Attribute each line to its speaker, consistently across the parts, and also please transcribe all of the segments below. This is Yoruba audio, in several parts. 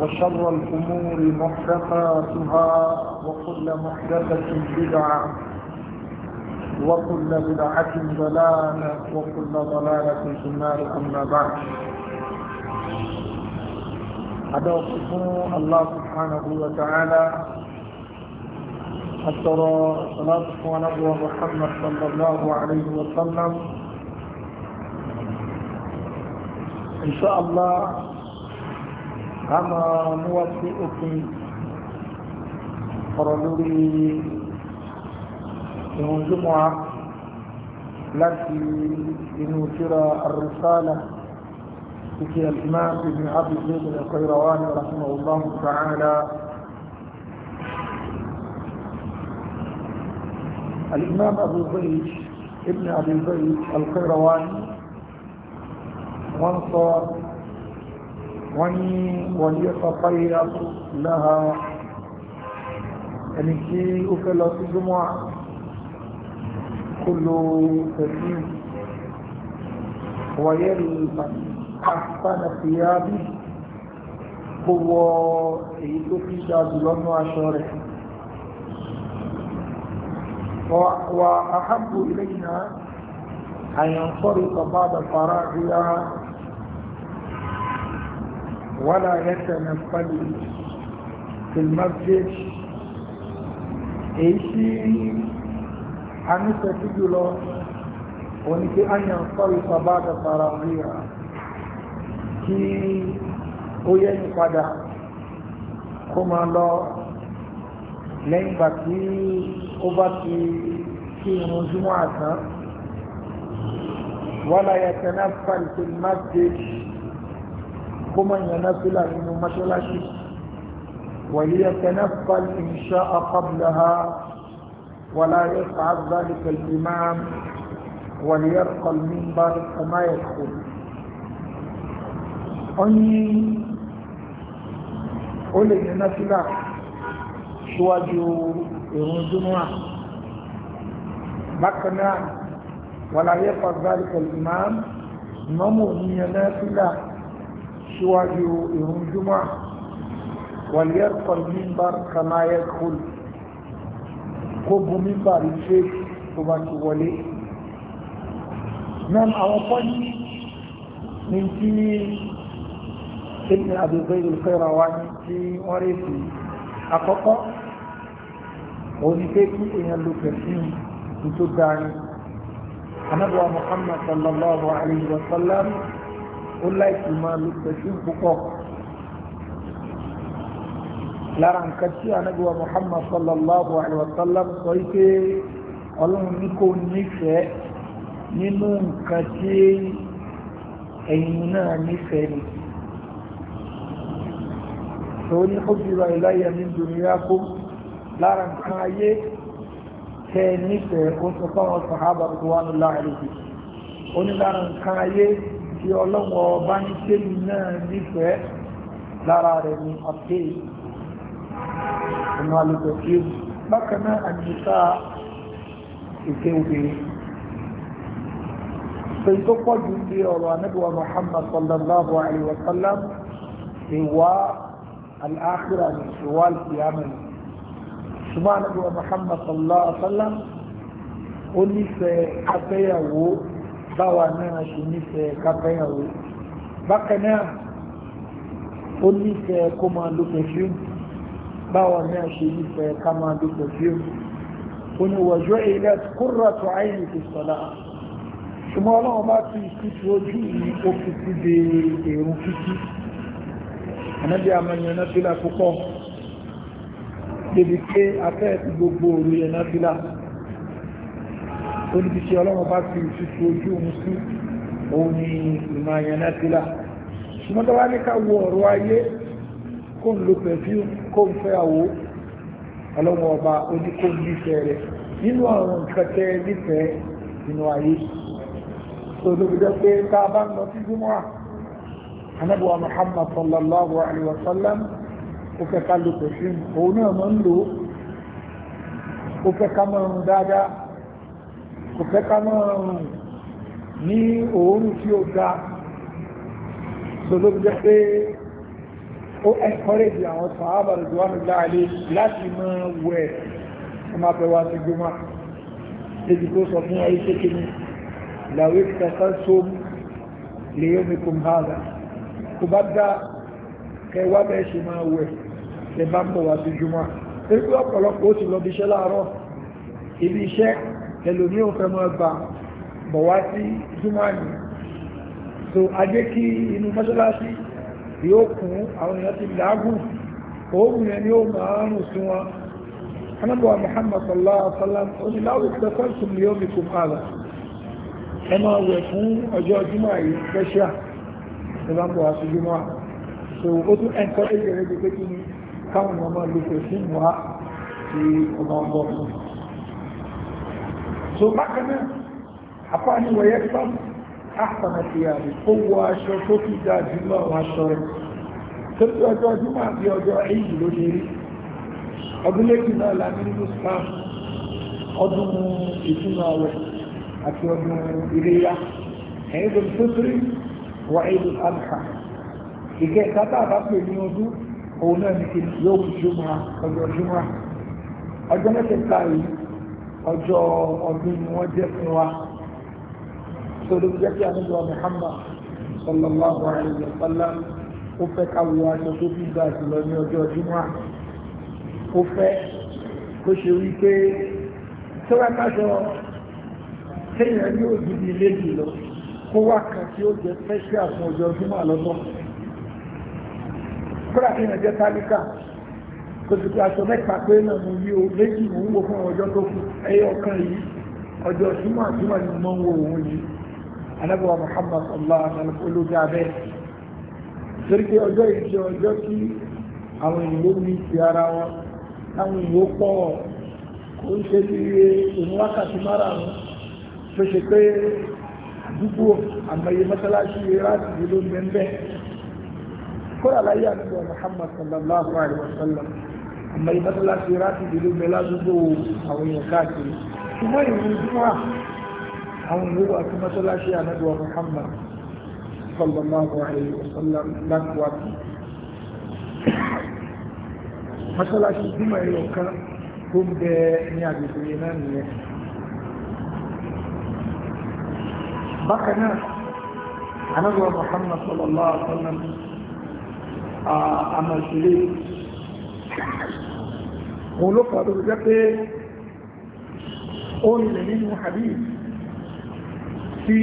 Speaker 1: وشر الأمور محدثاتها وكل محدثة بدعة وكل بدعة ضلالة وكل ضلالة في النار أما بعد أدعوكم الله سبحانه وتعالى أترى صلاة ونبوة محمد صلى الله عليه وسلم إن شاء الله فما موفئك رجلي يوم الجمعة لكي لنوشر الرسالة في الإمام ابن عبد الزيد القيروان رحمه الله تعالى الإمام أبو زيد ابن أبي زيد القيرواني منصور وني وليتطير لها ẹnìkí ó fẹ́ lọ sí jùmọ́ kó lo pẹ̀lú wọ̀yẹ́rì àpáàdà sí yáàbí kó wọ èyí tó fi dá jùlọ́nà aṣọ rẹ̀ wà áhábù ilé ìná àyànfọ́rí bàbá àdàfàrà rí ara ولا يتنفل في المسجد ايشي ان تسجل ونك ان ينطلق بعد تراويح كي وين قدا كما لو لين باكي وباكي كي نجمعها ولا يتنفل في المسجد kó mọ̀ yẹn náfìlà nínú mọ́ṣáláṣí وليتنفل إن شاء قبلها ولا يفعل ذلك الإمام وليرقى المنبر كما يدخل أني أولي نفلا شواجه إرون جمعة بكنا ولا يفعل ذلك الإمام نمو من نافلة síwájú ìrun júmọ́ wàlẹ́kọ̀ọ́ mímbà kanáyẹ kúl kó bu mímbà rí ṣe tó bá ti wọlé náà àwọn pọ́lí ní tí ibn abdul al-khayra wa ní tí wọ́n rí sí àkọ́kọ́ òun pé kí èèyàn lo pẹ̀sìn tó dáa ní anábọ̀ muhammad sallallahu alayhi wa sallam ó láìsí máa lo pẹ̀sìn púpọ̀ lára nǹkan tí anábíwá Muhammad sallallahu alaihi wa sallam sọ wípé ọlọ́run ní kò nífẹ̀ẹ́ nínú nǹkan tí ẹ̀yin náà nífẹ̀ẹ́ ni tó ní hubbiba ilayya min dunyakum lára nǹkan ayé tẹ nífẹ̀ẹ́ ó sọ fáwọn sàhábà tó wà nílá àlejò ó ní lára nǹkan ayé tí ọlọ́wọ́ bá ní tẹ́lú náà nífẹ̀ẹ́ lára rẹ̀ ní ọ̀pẹ́ ìnú alùpẹ̀ tí ó bákan náà àjíṣà ìfẹ́ obìnrin pé tó pọ̀ jù ní ọ̀rọ̀ anábíwá Muhammad sallallahu alaihi wa sallam ìwà al'akhira ní ìwà al'iyamani ṣùgbọ́n anábíwá Muhammad sallallahu alaihi wa sallam ó nífẹ̀ẹ́ báwa náà ṣe nífẹ̀ẹ́ kápẹ́yàwó bákan náà ó nífẹ̀ẹ́ kó máa lo perfume báwa náà ṣe nífẹ̀ẹ́ ká máa lo perfume ó ní wọ̀jọ́ ilẹ̀ qurratu ayni fi salah ṣùgbọ́n ọlọ́run bá ti títí ojú yìí ó fi ti de èrò kíkí ànábì àmọ́yàn náà fi là púpọ̀ débi pé afẹ́ gbogbo òru yẹn náà fi là púpọ̀ oníbíṣe ọlọ́run bá fi ìtútù ojú òun sí òun ni ìmọ̀ àyànná ti la ṣùgbọ́n tó wá ní ká wo ọ̀rọ̀ ayé kó ń lo perfume kó ń fẹ́ àwo ọlọ́run ọba oníkó nífẹ̀ẹ́ rẹ̀ nínú àwọn nǹkan nífẹ̀ẹ́ nínú ayé tó ló fi jẹ́ pé tá a bá ń lọ sí júmọ́ anábùwà Muhammad sallallahu alayhi wa sallam ó fẹ́ ká lo perfume òun náà máa ń lò ó fẹ́ ká máa ń dáadáa kò fẹ́ ká máa rùn ní òórùn tí ó ga lọ́lọ́gbẹ́ pé ó encourage àwọn sàábà rẹ̀ wà ní láàrín láti máa wẹ̀ ọmọ apẹwà ti gbọ́mà èdè tó sọ fún ayé tó kí ni làwé kẹta tó lè yóò ní kò iṣẹ́ ẹlòmí ò fẹ́ mọ́ gbà bọ̀ wá sí júmọ́nì so ajé kí inú mọ́ṣáláṣí yóò kún àwọn èèyàn ti làágùn òórùn yẹn ni ó máa ń rùn sí wọn anábọ̀ Muhammad sallallahu alaihi wa sallam oníláwò ìpẹ́kọ̀ọ́sùn ni ó mi kò pààlà ẹ máa wẹ̀ fún ọjọ́ júmọ́ yìí fẹ́ṣà ẹ bá ń káwọn ọmọ lókè sí ìwà tí ọmọ ọgbọ́n fún so bákan náà àfáàní wọ̀nyẹ́ sọ́ọ̀mù àpànà ti àrí ó wọ aṣọ tó fi dá jùlọ àwọn aṣọ rẹ̀ tó fi ọjọ́ jùmọ̀ àti ọjọ́ èyí ló ní rí ọdún méjì náà la ní nínú spam ọdún ìtúnú àwẹ̀ àti ọdún ìrẹ́yà ẹ̀yìn tó tó wà èyí alùpà ìkẹ́ tátà àbápẹ̀ ní ọdún òun náà ní kí yóò jùmọ̀ ọjọ́ jùmọ̀ ọjọ́ mẹ́tẹ̀ẹ̀ta yìí ọjọ́ ọdún ni wọ́n jẹ́ fún wa tó ló jẹ́ kí àníjọ Muhammad sallallahu alayhi wa sallam ó fẹ́ ká wo aṣọ tó fi gbà jùlọ ní ọjọ́ jùmọ́ ó fẹ́ kó ṣe wí pé tó wá káṣọ téèyàn ní òjìdí ilé jùlọ kó wá kan tí ó jẹ́ fẹ́ sí àwọn ọjọ́ jùmọ́ lọ́tọ̀ kúrò àfihàn jẹ́ tálíkà kòtùkù aṣọ mẹ́ta pé náà mo yí o méjì mò ń wò fún ọjọ́ tó kù ẹyọ ọ̀kan yìí ọjọ́ súnmọ́ àtúmọ̀ ni mo máa ń wo òun yìí anábọ̀wá Muhammad allah alayhi olóògbé abẹ́ torí pé ọjọ́ ìṣe ọjọ́ tí àwọn ìlú mi ti ara wọn táwọn ìlú pọ̀ kò ń ṣe bí òun wákàtí márààrún tó ṣe pé àdúgbò àmọye mọ́sálásí láti ìlú mẹ́mbẹ́ kódà láyé àdúgbò Muhammad sallallahu alayhi wa sallam àmọ́ ìtọ́jú láti ráàtì ìdílé bẹ ládùúgbò àwọn èèyàn káàkiri ṣùgbọ́n ìrìn júmọ́ àwọn ìlú àti mọ́tọ́láṣí ànábìwọ̀ Muhammad sallallahu alayhi wa sallam láti wá sí mọ́tọ́láṣí júmọ́ ẹ̀yọ̀ kan tó ń bẹ ní agbègbè náà nìyẹn bákan náà ànábìwọ̀ Muhammad sallallahu alayhi wa sallam àmọ̀ ìṣẹ̀lẹ̀ òun ló fà lórí jẹ́ pé ó ilẹ̀ nínú hadith tí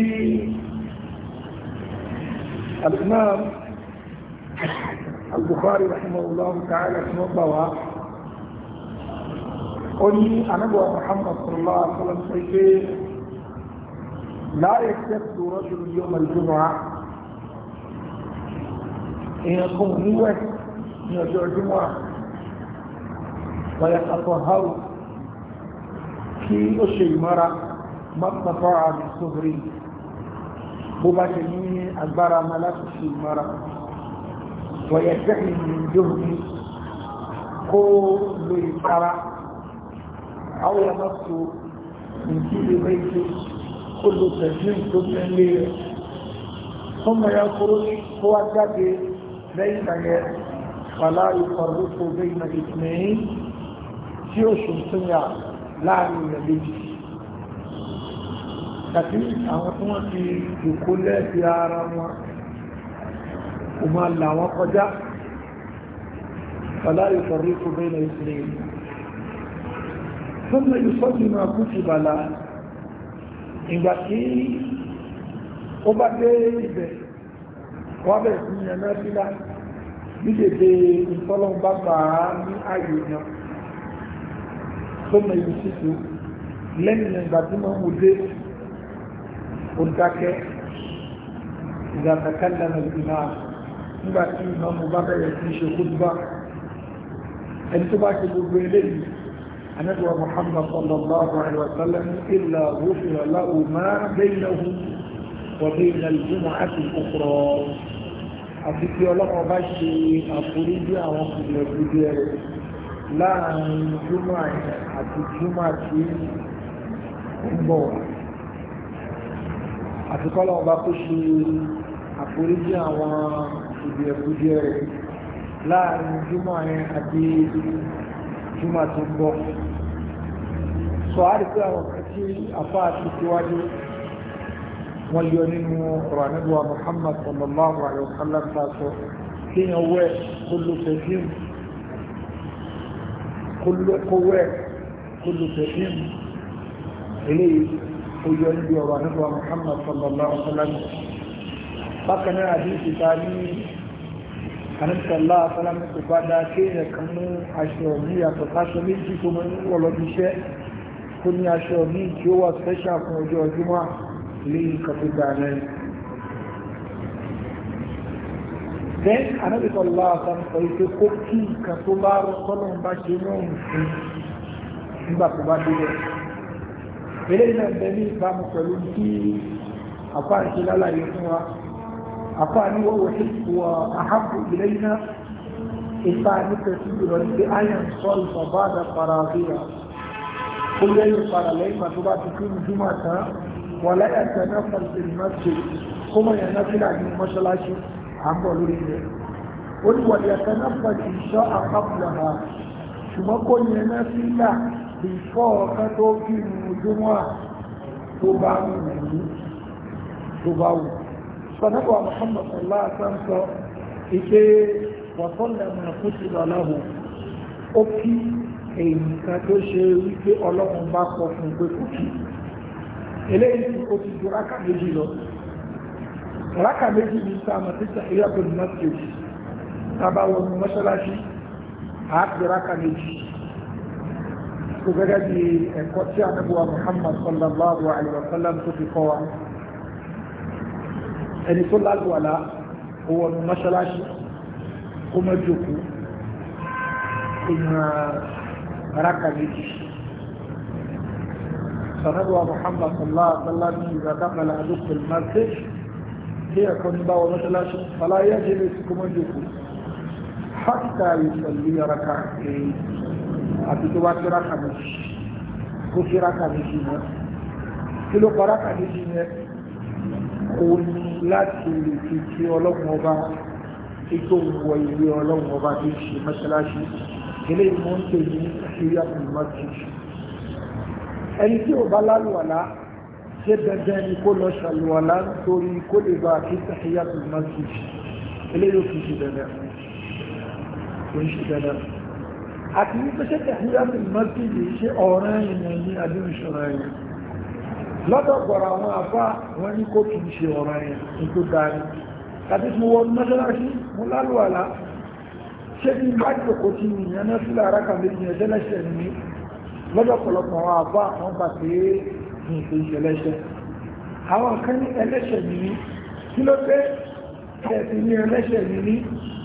Speaker 1: al-imam al-bukhari rahimahullahu ta'ala tí wọ́n gbà wá ó ní anábọ̀ muhammad sallallahu alaihi wasallam sọ pé la yaqtadu rajul yawm al-jumu'ah èèyàn kan níwẹ̀ ní ọjọ́ jumu'ah ويتطهر في أشي مرة ما استطاع من صغري مباشرين أكبر ملاك أشي مرة ويدعي من جهد كل ترى أو يمس من كل بيت كل تجميل كل ثم يخرج هو الذي بين ولا يفرق بين اثنين tí ó ṣùntúnyà láàrin ilẹ̀ méjì tàbí àwọn tí wọ́n ti jòkó lẹ́ẹ̀bí ara wọn kò máa là wọn kọjá فلا يفرق بين اثنين ثم يصلي ما كتب له ìgbà tí ó bá dé ibẹ̀ wọ́n bẹ̀rẹ̀ sí yẹn náà sílá ní dédé ní ààyè náà ثم يمسك لن ينبغي مدير قدك إذا تكلم الإمام nígbà tí ìmọ̀mù bá bẹ̀rẹ̀ sí ṣe kúdùbá ẹni tó bá ti gbogbo eléyìí anẹ́bùwà Muhammad sallallahu alaihi wa sallam illa ghufira lahu ma bainahu wa bayna al-jumu'ati al-ukhra àti tí ọlọ́mọ bá ṣe àforíjì àwọn kùdìẹ̀ kùdìẹ̀ rẹ̀ láàrin júmọ̀ àti júmọ̀ tí ń bọ̀ wá àti kọ́lọ̀ ọba kó ṣe àforíjì àwọn ìbẹ̀kújẹ rẹ̀ láàrin júmọ̀ àti júmọ̀ tí ń bọ̀ sọ àdìsí àwọn kàtí afá àti síwájú wọ́n yọ nínú ọ̀rọ̀ àníbọ̀ Muhammad sallallahu alaihi wa sallam tàṣọ kíyàn wẹ́ olùfẹ́ fíìmù kówẹ́ kólùtẹ̀fín ilé oyọ níbi ọ̀rọ̀ àníbọ̀ Muhammad sallallahu alaihi wasallam bákan náà àdíjì ta ní àníbọ̀lá sallam kò bá dá kéèyàn kan mú aṣọ ní yàtọ̀ sáṣọ méjì tó mọ́ ní wọ̀lọ́bí iṣẹ́ kó ní aṣọ ní tí ó wà special fún ọjọ́ ọjọ́ mọ́ lẹ́yìn kàtó dáa then anábì sọ̀lá àtàn sọ ìpé kó kí nǹkan tó bá rọ sọ́nà bá ṣe náà ń fi nígbà tó bá délẹ̀ eléyìí náà bẹ ní ìbámu pẹ̀lú kí àpá ń ṣe lálàyé fún wa àpá ní wọ́wọ́ sí wọ àhábù eléyìí náà ipa nífẹ̀ẹ́ sí jùlọ ní pé iron sol fọ̀bádà farafiya ó lẹ́yìn padà lẹ́yìn pàtó bá ti kí ìjúmọ̀ tán wọ̀lẹ́yà tẹ̀ náà fọ̀sẹ̀ náà fílà àbọ̀ lórí rẹ̀ ó ní wọ̀lẹ̀ ẹ̀fẹ́ náà pẹ̀lú ìṣọ́ àpapọ̀lọ̀mà ṣùgbọ́n kó yẹn náà sí là bí fọ́ ọ̀kan tó kí ní ojúmọ́ à tó bá ń rìn ní tó bá wù sọ̀nàbọ̀ Muhammad sọ̀lá àtàǹsọ ìpè wọ̀sọ̀lẹ̀mà fún ti lọ lọ́hùn ó kí èyí kan tó ṣe wípé ọlọ́run bá kọ fún pé kò kí eléyìí ó ti dúrákà méjì lọ rákà méjì ní sáàmà tí sàfihàn tó nà tó yìí tábà wọnú mọ́ṣáláṣí àápì rákà méjì kò gẹ́gẹ́ bí ẹ̀kọ́ tí a nàbọ̀ Muhammad sallallahu alayhi wa sallam tó fi kọ́ wa ẹni tó lálùwàlá ó wọnú mọ́ṣáláṣí kó mọ́ jòkó ìmọ̀ Muhammad sallallahu alayhi wa sallam ni ìgbà dákàlà àdókòlù máa kí ẹ̀kọ́ ní bá wọn mọ́ṣáláṣí aláyé ṣe lè kó mọ́ jòkó hátà ìṣẹ̀lú yaraka èyí àti tó bá ti ráka méjì kó fi ráka méjì mọ́ kí ló pa ráka méjì yẹn kò ní láti lè fi ti ọlọ́run ọba ikú wọ ìwé ọlọ́run ọba tó ṣe mọ́ṣáláṣí eléyìí mọ́ ń pè ní syria mosque ẹni tí ò bá lálùwàlá ṣé dandan ni kó lọ ṣàlùwàlá nítorí kó lè bá kí tahiyatul masjid eléyìí kì í ṣe dandan kò ń ṣe dandan àti wípé ṣé tahiyatul masjid ṣe ọ̀ràn èèyàn ní adúlù ṣọ̀rọ̀ ẹ̀yìn lọ́dọ̀ gbọ̀rọ̀ àwọn afá wọn ní kó kì í ṣe ọ̀ràn ẹ̀yìn nítorí dáadé tàbí mo wọ mọ́ṣáláṣí àwọn afá wọn gbà pé ní ìpè ìṣẹ̀lẹ́ṣẹ̀ àwọn kan ní ẹlẹ́ṣẹ̀ nìyí kí ló dé ẹ̀sìn ní ẹlẹ́ṣẹ̀ nìyí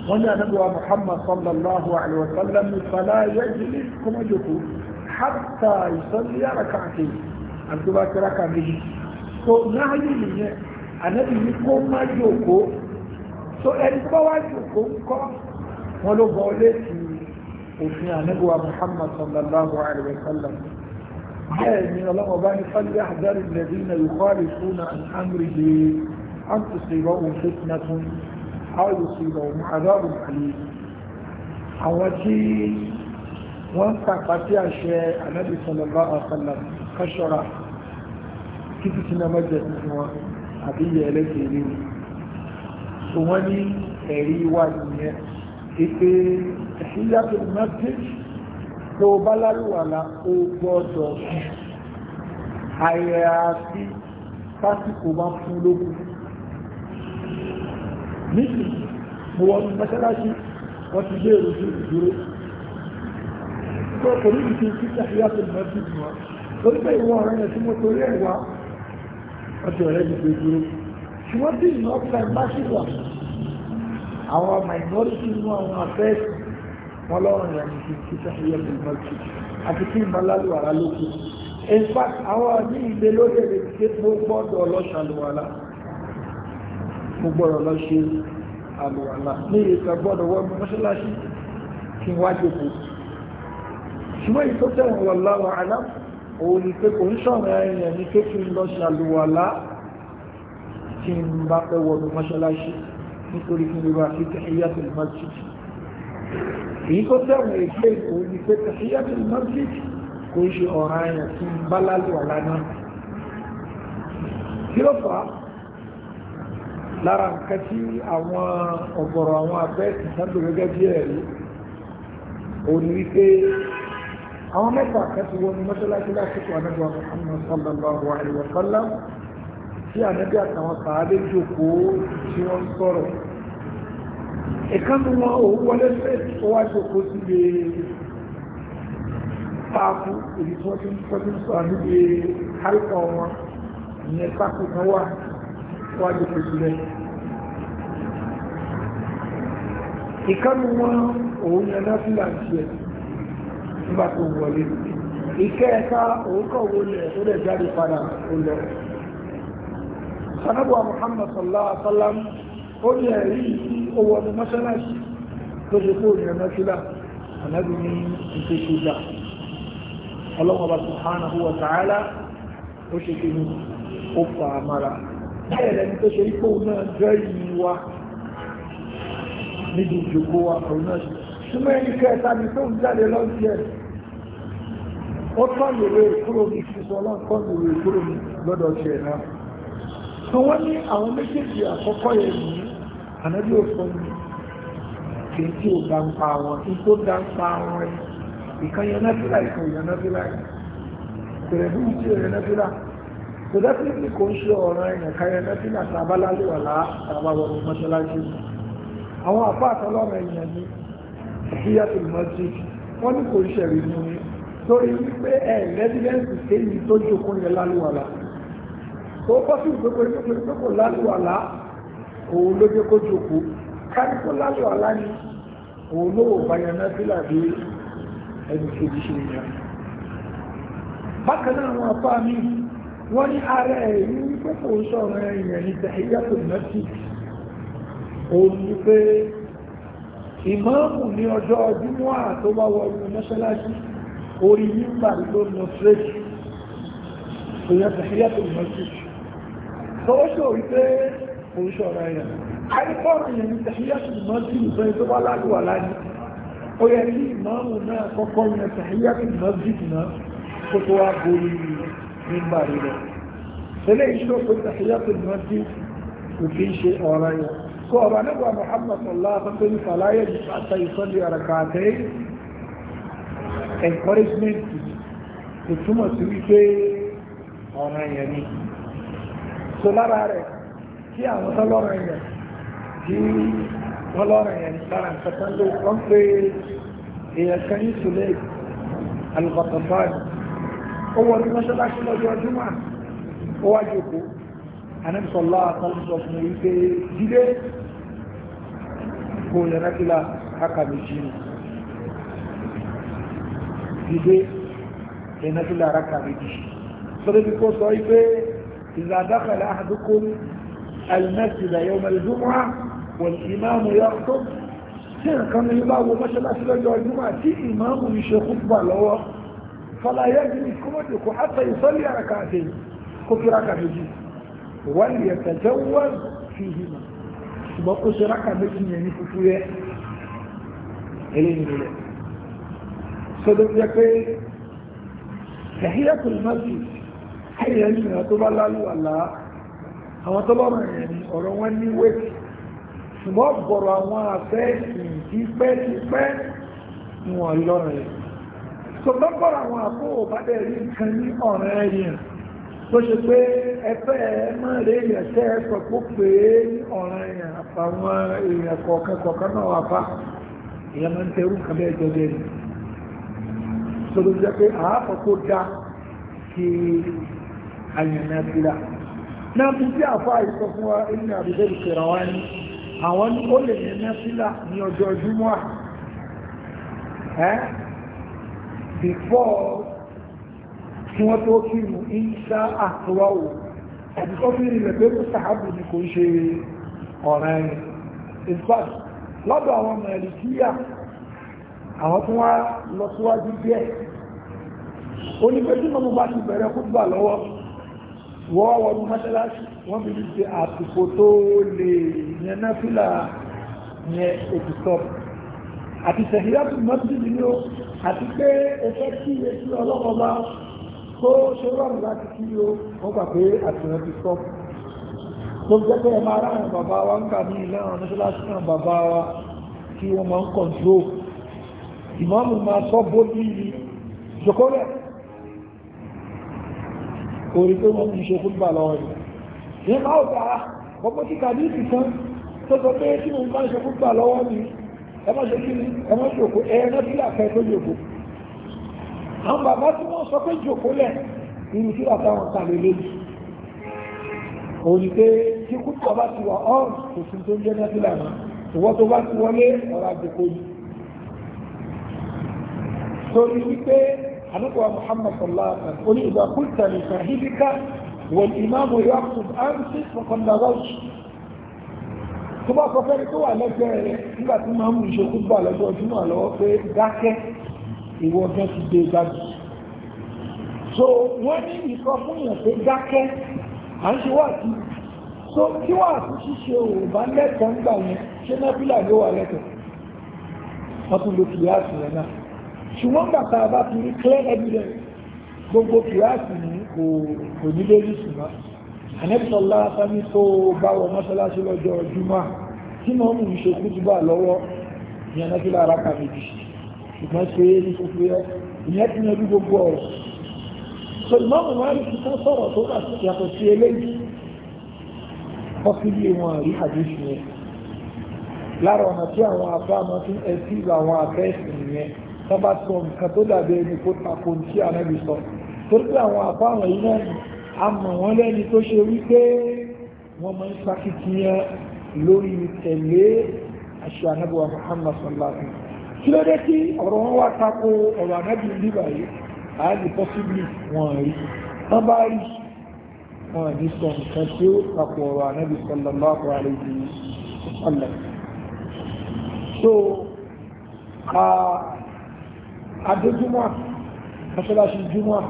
Speaker 1: wọ́n ní anábíwá Muhammad sallallahu alaihi wa sallam fala yajlis kọmọjòkó hatta ìsọ́lé yára káàkiri àdúrà kíráka méjì tó náà yìí nìyẹn anábì ní kó má jòkó tó ẹni tó wá jòkó ń kọ́ wọn ló bọ́ létí òfin anábíwá Muhammad sallallahu alaihi wa حال من الله وبعد فليحذر الذين يخالفون عن أمره أن تصيبهم فتنة أو يصيبهم عذاب أليم حواتي وانت قطيع شيء النبي صلى الله عليه وسلم كشرة كيف تنمجد نحو أبي إليك إليه سواني أريوان إيه إيه إيه إيه tó bá lálùwàlá ó gbọ́dọ̀ àyàfi sásìkò bá fún lókun nítorí mo wọ́n mọ́ṣáláṣí wọ́n ti dé èrò sí ìdúró tó kò ní ìdí sí ìtàkìyàtò mẹ́sì wọn torí pé ìwọ̀n ọ̀rẹ́ yẹn tí mo torí ẹ̀ wá wọ́n ti ọ̀rẹ́ gbogbo dúró ṣùgbọ́n bí ìnáwó fẹ́ máṣíwà àwọn minority inú àwọn afẹ́ẹ̀sì wọn lọ́rùn yẹn ní kí kí sẹ́yìn yẹn lè mọ̀ jù àti kí ìmọ̀lálù ara ló kù in fact àwọn ní ilé lóde lè ké mo gbọ́dọ̀ lọ́ṣàlùwàlà mo gbọ́dọ̀ lọ́ṣe àlùwàlà ní ìta gbọ́dọ̀ wọ́n mi mọ́ṣáláṣí kí n wá jòkó ṣùgbọ́n èyí tó tẹ̀wọ̀n wọ̀ láwọn àná òun ni pé kò ń sọ̀rọ̀ ẹ̀yìn ní pé kí n lọ́ṣàlùwàlà kí n bá fẹ́ èyí tó tẹ̀wọ̀n èké òun ni pé tàhíyàtì mọ́sídì kò ń ṣe ọ̀ràn àyàn tí ń bá lálẹ́ wà lánàá kí ló fà á lára nǹkan tí àwọn ọ̀gọ̀rọ̀ àwọn abẹ́ ìsàdò gẹ́gẹ́ bí ẹ̀rí òun ni wípé àwọn mẹ́fà kan ti wọnú mọ́ṣáláṣí lásìkò anábọ̀ ọmọ sallallahu alaihi wa sallam tí anábì àtàwọn sàádé jókòó tí wọ́n sọ̀rọ̀ ìkánu wọn òun wọlé fẹ́ẹ̀sì tó wá ṣòkó sí lè pàápù èyí tí wọ́n ti ń tọ́jú sọ níbi hálùkọ wọn ìyẹn pápù kan wà wá ṣòkó sílẹ̀ ìkánu wọn òun yẹn náà fìlà ń ṣe ó ní ẹ̀rí owó ọdún mọ́ṣáláṣí ló ṣe kó ìrìn mọ́ṣílá ànábì ní ìṣe tó dà ọlọ́wọ́ bá subhanahu wa ta'ala ó ṣe kí ni ó fa amára bẹ́ẹ̀ lẹ́ni tó ṣe ipò náà jẹ́ wa níbi ìjòkó wa ọ̀rọ̀ náà ṣe súnmọ́ ẹni kẹta ni tó ń jáde lọ́sí ẹ̀ so wọ́n ní àwọn méjèèjì àkọ́kọ́ yẹn ní ànábì òfin ni kì í tí ò dá ń pa wọn kí tó dá ń pa wọn rẹ ìkan yẹn náà bílà ìkan yẹn náà bílà yẹn bẹ̀rẹ̀ bí ìtì yẹn náà bílà so definitely kò ń ṣe ọ̀ràn ẹ̀yàn ká yẹn náà bílà tàbá lálẹ́ wà láà tàbá wọ̀ mọ́ṣáláṣí àwọn àpá àtọ́lọ́rọ̀ ẹ̀yàn ni ìyá tó mọ́ṣí wọ́n ní kò ń ṣẹ̀rí mú ni torí wípé ẹ̀ rẹ́dílẹ́ǹsì kéyìí tó jókòó tó bọ́ sí ìgbókò ìgbókò lálù àlá òun ló jẹ́ kó jòkó káríkó lálù àlá ni òun ló wò báyọ̀ náà bí làbí ẹni kejì ṣe yẹn bákan náà wọn apá mi wọ́n ní ara ẹ̀ ní wípé kò ń sọ̀rọ̀ ẹ̀yẹ̀ ní tẹ̀híyàtò mẹ́tì òun ni pé ìmáàmù ní ọjọ́ ọdúnmọ́ tó bá wọ ọdún mọ́ṣáláṣí orí nígbà ló lọ fẹ́ẹ̀kì tó mẹ́tì tó ṣò wípé kò ń ṣọ̀rọ̀ ẹ̀yà àìkọ́rọ̀ yẹn ni tàhíyàtù mọ́sí ìsọ ètò wà láàrúwà láàrin ó yẹ kí ìmáàmù náà kọ́kọ́ yẹn tàhíyàtù mọ́sí náà kó tó wá borí nígbà rí lọ tẹ́lẹ̀ ìṣó pé tàhíyàtù mọ́sí kò kí ń ṣe ọ̀rọ̀ yẹn kó ọ̀rọ̀ nígbà Muhammad sallá fẹ́ ní ní pàtà ìsọ́lé àràkàtẹ́ encouragement kò sí wípé ọ̀rọ̀ yẹn ni so lára rẹ̀ kí àwọn tọ́lọ́rọ̀ yẹn kí wọ́n lọ́rọ̀ yẹn lára nǹkan tán ló wọ́n pé èèyàn kan ní sùlẹ̀ alùpàtàfáàlì ó wọ́n ní mọ́ṣáláṣí lọ́jọ́ ọdúnmà ó wá jòkó anẹ́sọ̀lá àtàlùsọ̀ fún wípé dídé kò yẹn rákìlá akàbèjì ni dídé yẹn rákìlá akàbèjì sọ́dọ̀ bí kò sọ wípé إذا دخل أحدكم المسجد يوم الجمعة والإمام يخطب سير كان الإمام ومشى الأسئلة يوم الجمعة في إمام مش خطبة لو فلا يجلس كمدك حتى يصلي ركعتين كفي ركعتين وليتجوز فيهما ṣùgbọ́n kó ṣe rákà يعني yẹn ní إلين rẹ̀ eléyìí rẹ̀ sọ́dọ̀ jẹ́ pé ẹ̀yẹ ìrìnà tó bá lálù àlá àwọn tó lọ́rọ̀ ẹ̀yẹ ni ọ̀rọ̀ wọn ní wéèkì ṣùgbọ́n bọ̀rọ̀ àwọn àfẹ́ẹ̀sìn pípẹ́ pípẹ́ ni wọ́n lọ́rọ̀ ẹ̀ tó bá bọ̀rọ̀ àwọn àpò bá dẹ̀ rí nǹkan ní ọ̀rọ̀ ẹ̀yìn tó ṣe pé ẹfẹ́ mọ́rẹ̀ èèyàn tẹ́ kí àyàn náfílà náà fi sí àfá ìsọ fún wa inú àbúgbé ìṣẹ̀rọ wá ní àwọn ó lè yẹn náfílà ní ọjọ́ júmọ́ à before kí wọ́n tó kí mú ìṣá àtúwáwò àti tó fi rìnlẹ̀ pé mú sàábù ni kò ṣe ọ̀ràn ẹ̀ in fact lọ́dọ̀ àwọn mẹ̀rìndínlá àwọn tó wá lọ síwájú díẹ̀ onígbẹ́jú mọ́mú bá ti bẹ̀rẹ̀ kúgbà lọ́wọ́ wọ́n wọnú mọ́ṣáláṣí wọ́n bí ṣe àsìkò tó lè yẹn náà fílà yẹn òtútọ́ àti sẹ̀híyàtù mọ́sílì ni ó àti pé ẹfẹ́ kí etí ọlọ́pàá bá tó ṣe rọrùn láti kí o wọ́n gbà pé àtìwọ́n ti sọ tó jẹ́ pé ẹ máa ráhùn bàbá wa ń kà ní ìlànà mọ́ṣáláṣí náà bàbá wa kí wọ́n máa ń kọ̀ǹtró ìmọ̀ọ́mù máa sọ orí pé wọ́n ń ṣe fútbà lọ́wọ́ rẹ̀ ní bá ò bá ọmọ kíkà ní ìtìkan tó sọ pé kí mo bá ń ṣe fútbà lọ́wọ́ mi ẹ má ṣe kí ni ẹ má ṣòkó ẹ ẹ náà sílẹ̀ àfẹ́ tó yòkó àwọn bàbá tí wọ́n sọ pé jòkó lẹ̀ irú sílẹ̀ àtàwọn kàlẹ̀ lójú òní pé kí kúkọ̀ bá ti wà ọ́ kò sí tó ń jẹ́ náà حنقوى محمد صلى الله عليه وسلم قل إذا قلت لصاحبك والإمام يقصد أمسك فقد نظرت tó bá sọ fẹ́ni tó wà lẹ́gbẹ̀ẹ́ rẹ̀ nígbà tí máa ń mú ìṣe kúgbà lọ́jọ́ ọdún náà lọ́wọ́ pé dákẹ́ ìwọ ọdún ti dé gbájú so wọ́n ní ìsọ fún yàn pé dákẹ́ à ń ṣe wàásù so tí wàásù ṣíṣe ò bá lẹ́tọ̀ọ́ ń gbà yẹn ṣé nábìlà ló wà lẹ́tọ̀ọ́ wọ́n tún lo kìlíàsì yẹn náà ṣùgbọ́n bàtà bá ti rí clear evidence gbogbo kìláàsì ní kò ní lórí ṣùgbọ́n ànẹ́tọ̀lá sami tó bá wọ mọ́ṣáláṣí lọ́jọ́ jùmọ́ tí mọ́ mú ṣe kú túbà lọ́wọ́ ní ẹnẹ́tìlá araka méjì ṣùgbọ́n ṣe é ní fúfú yẹ ìyẹn ti yanjú gbogbo ọ̀rọ̀ so ìmọ̀mù máa rí kíkọ́ sọ̀rọ̀ tó bá yàtọ̀ sí sábà sọ nǹkan tó dàbí ẹni kó tako tí ànábì sọ torí pé àwọn àbáwọn yìí náà ni a mọ̀ wọ́n lẹ́ni tó ṣe wípé wọ́n máa ń sakitiyan lórí tẹ̀lé àṣẹ ànábì wa Muhammad sallallahu alaihi wasallam kí ọ̀rọ̀ wọn wá tako ọ̀rọ̀ ànábì nígbà yìí àyàlì pọ́síbìlì wọn rí wọ́n bá rí wọn ní sọ nǹkan tí ó tako ọ̀rọ̀ ànábì sallallahu alaihi wasallam so a adójúmọ́ mọ́ṣáláṣí júmọ́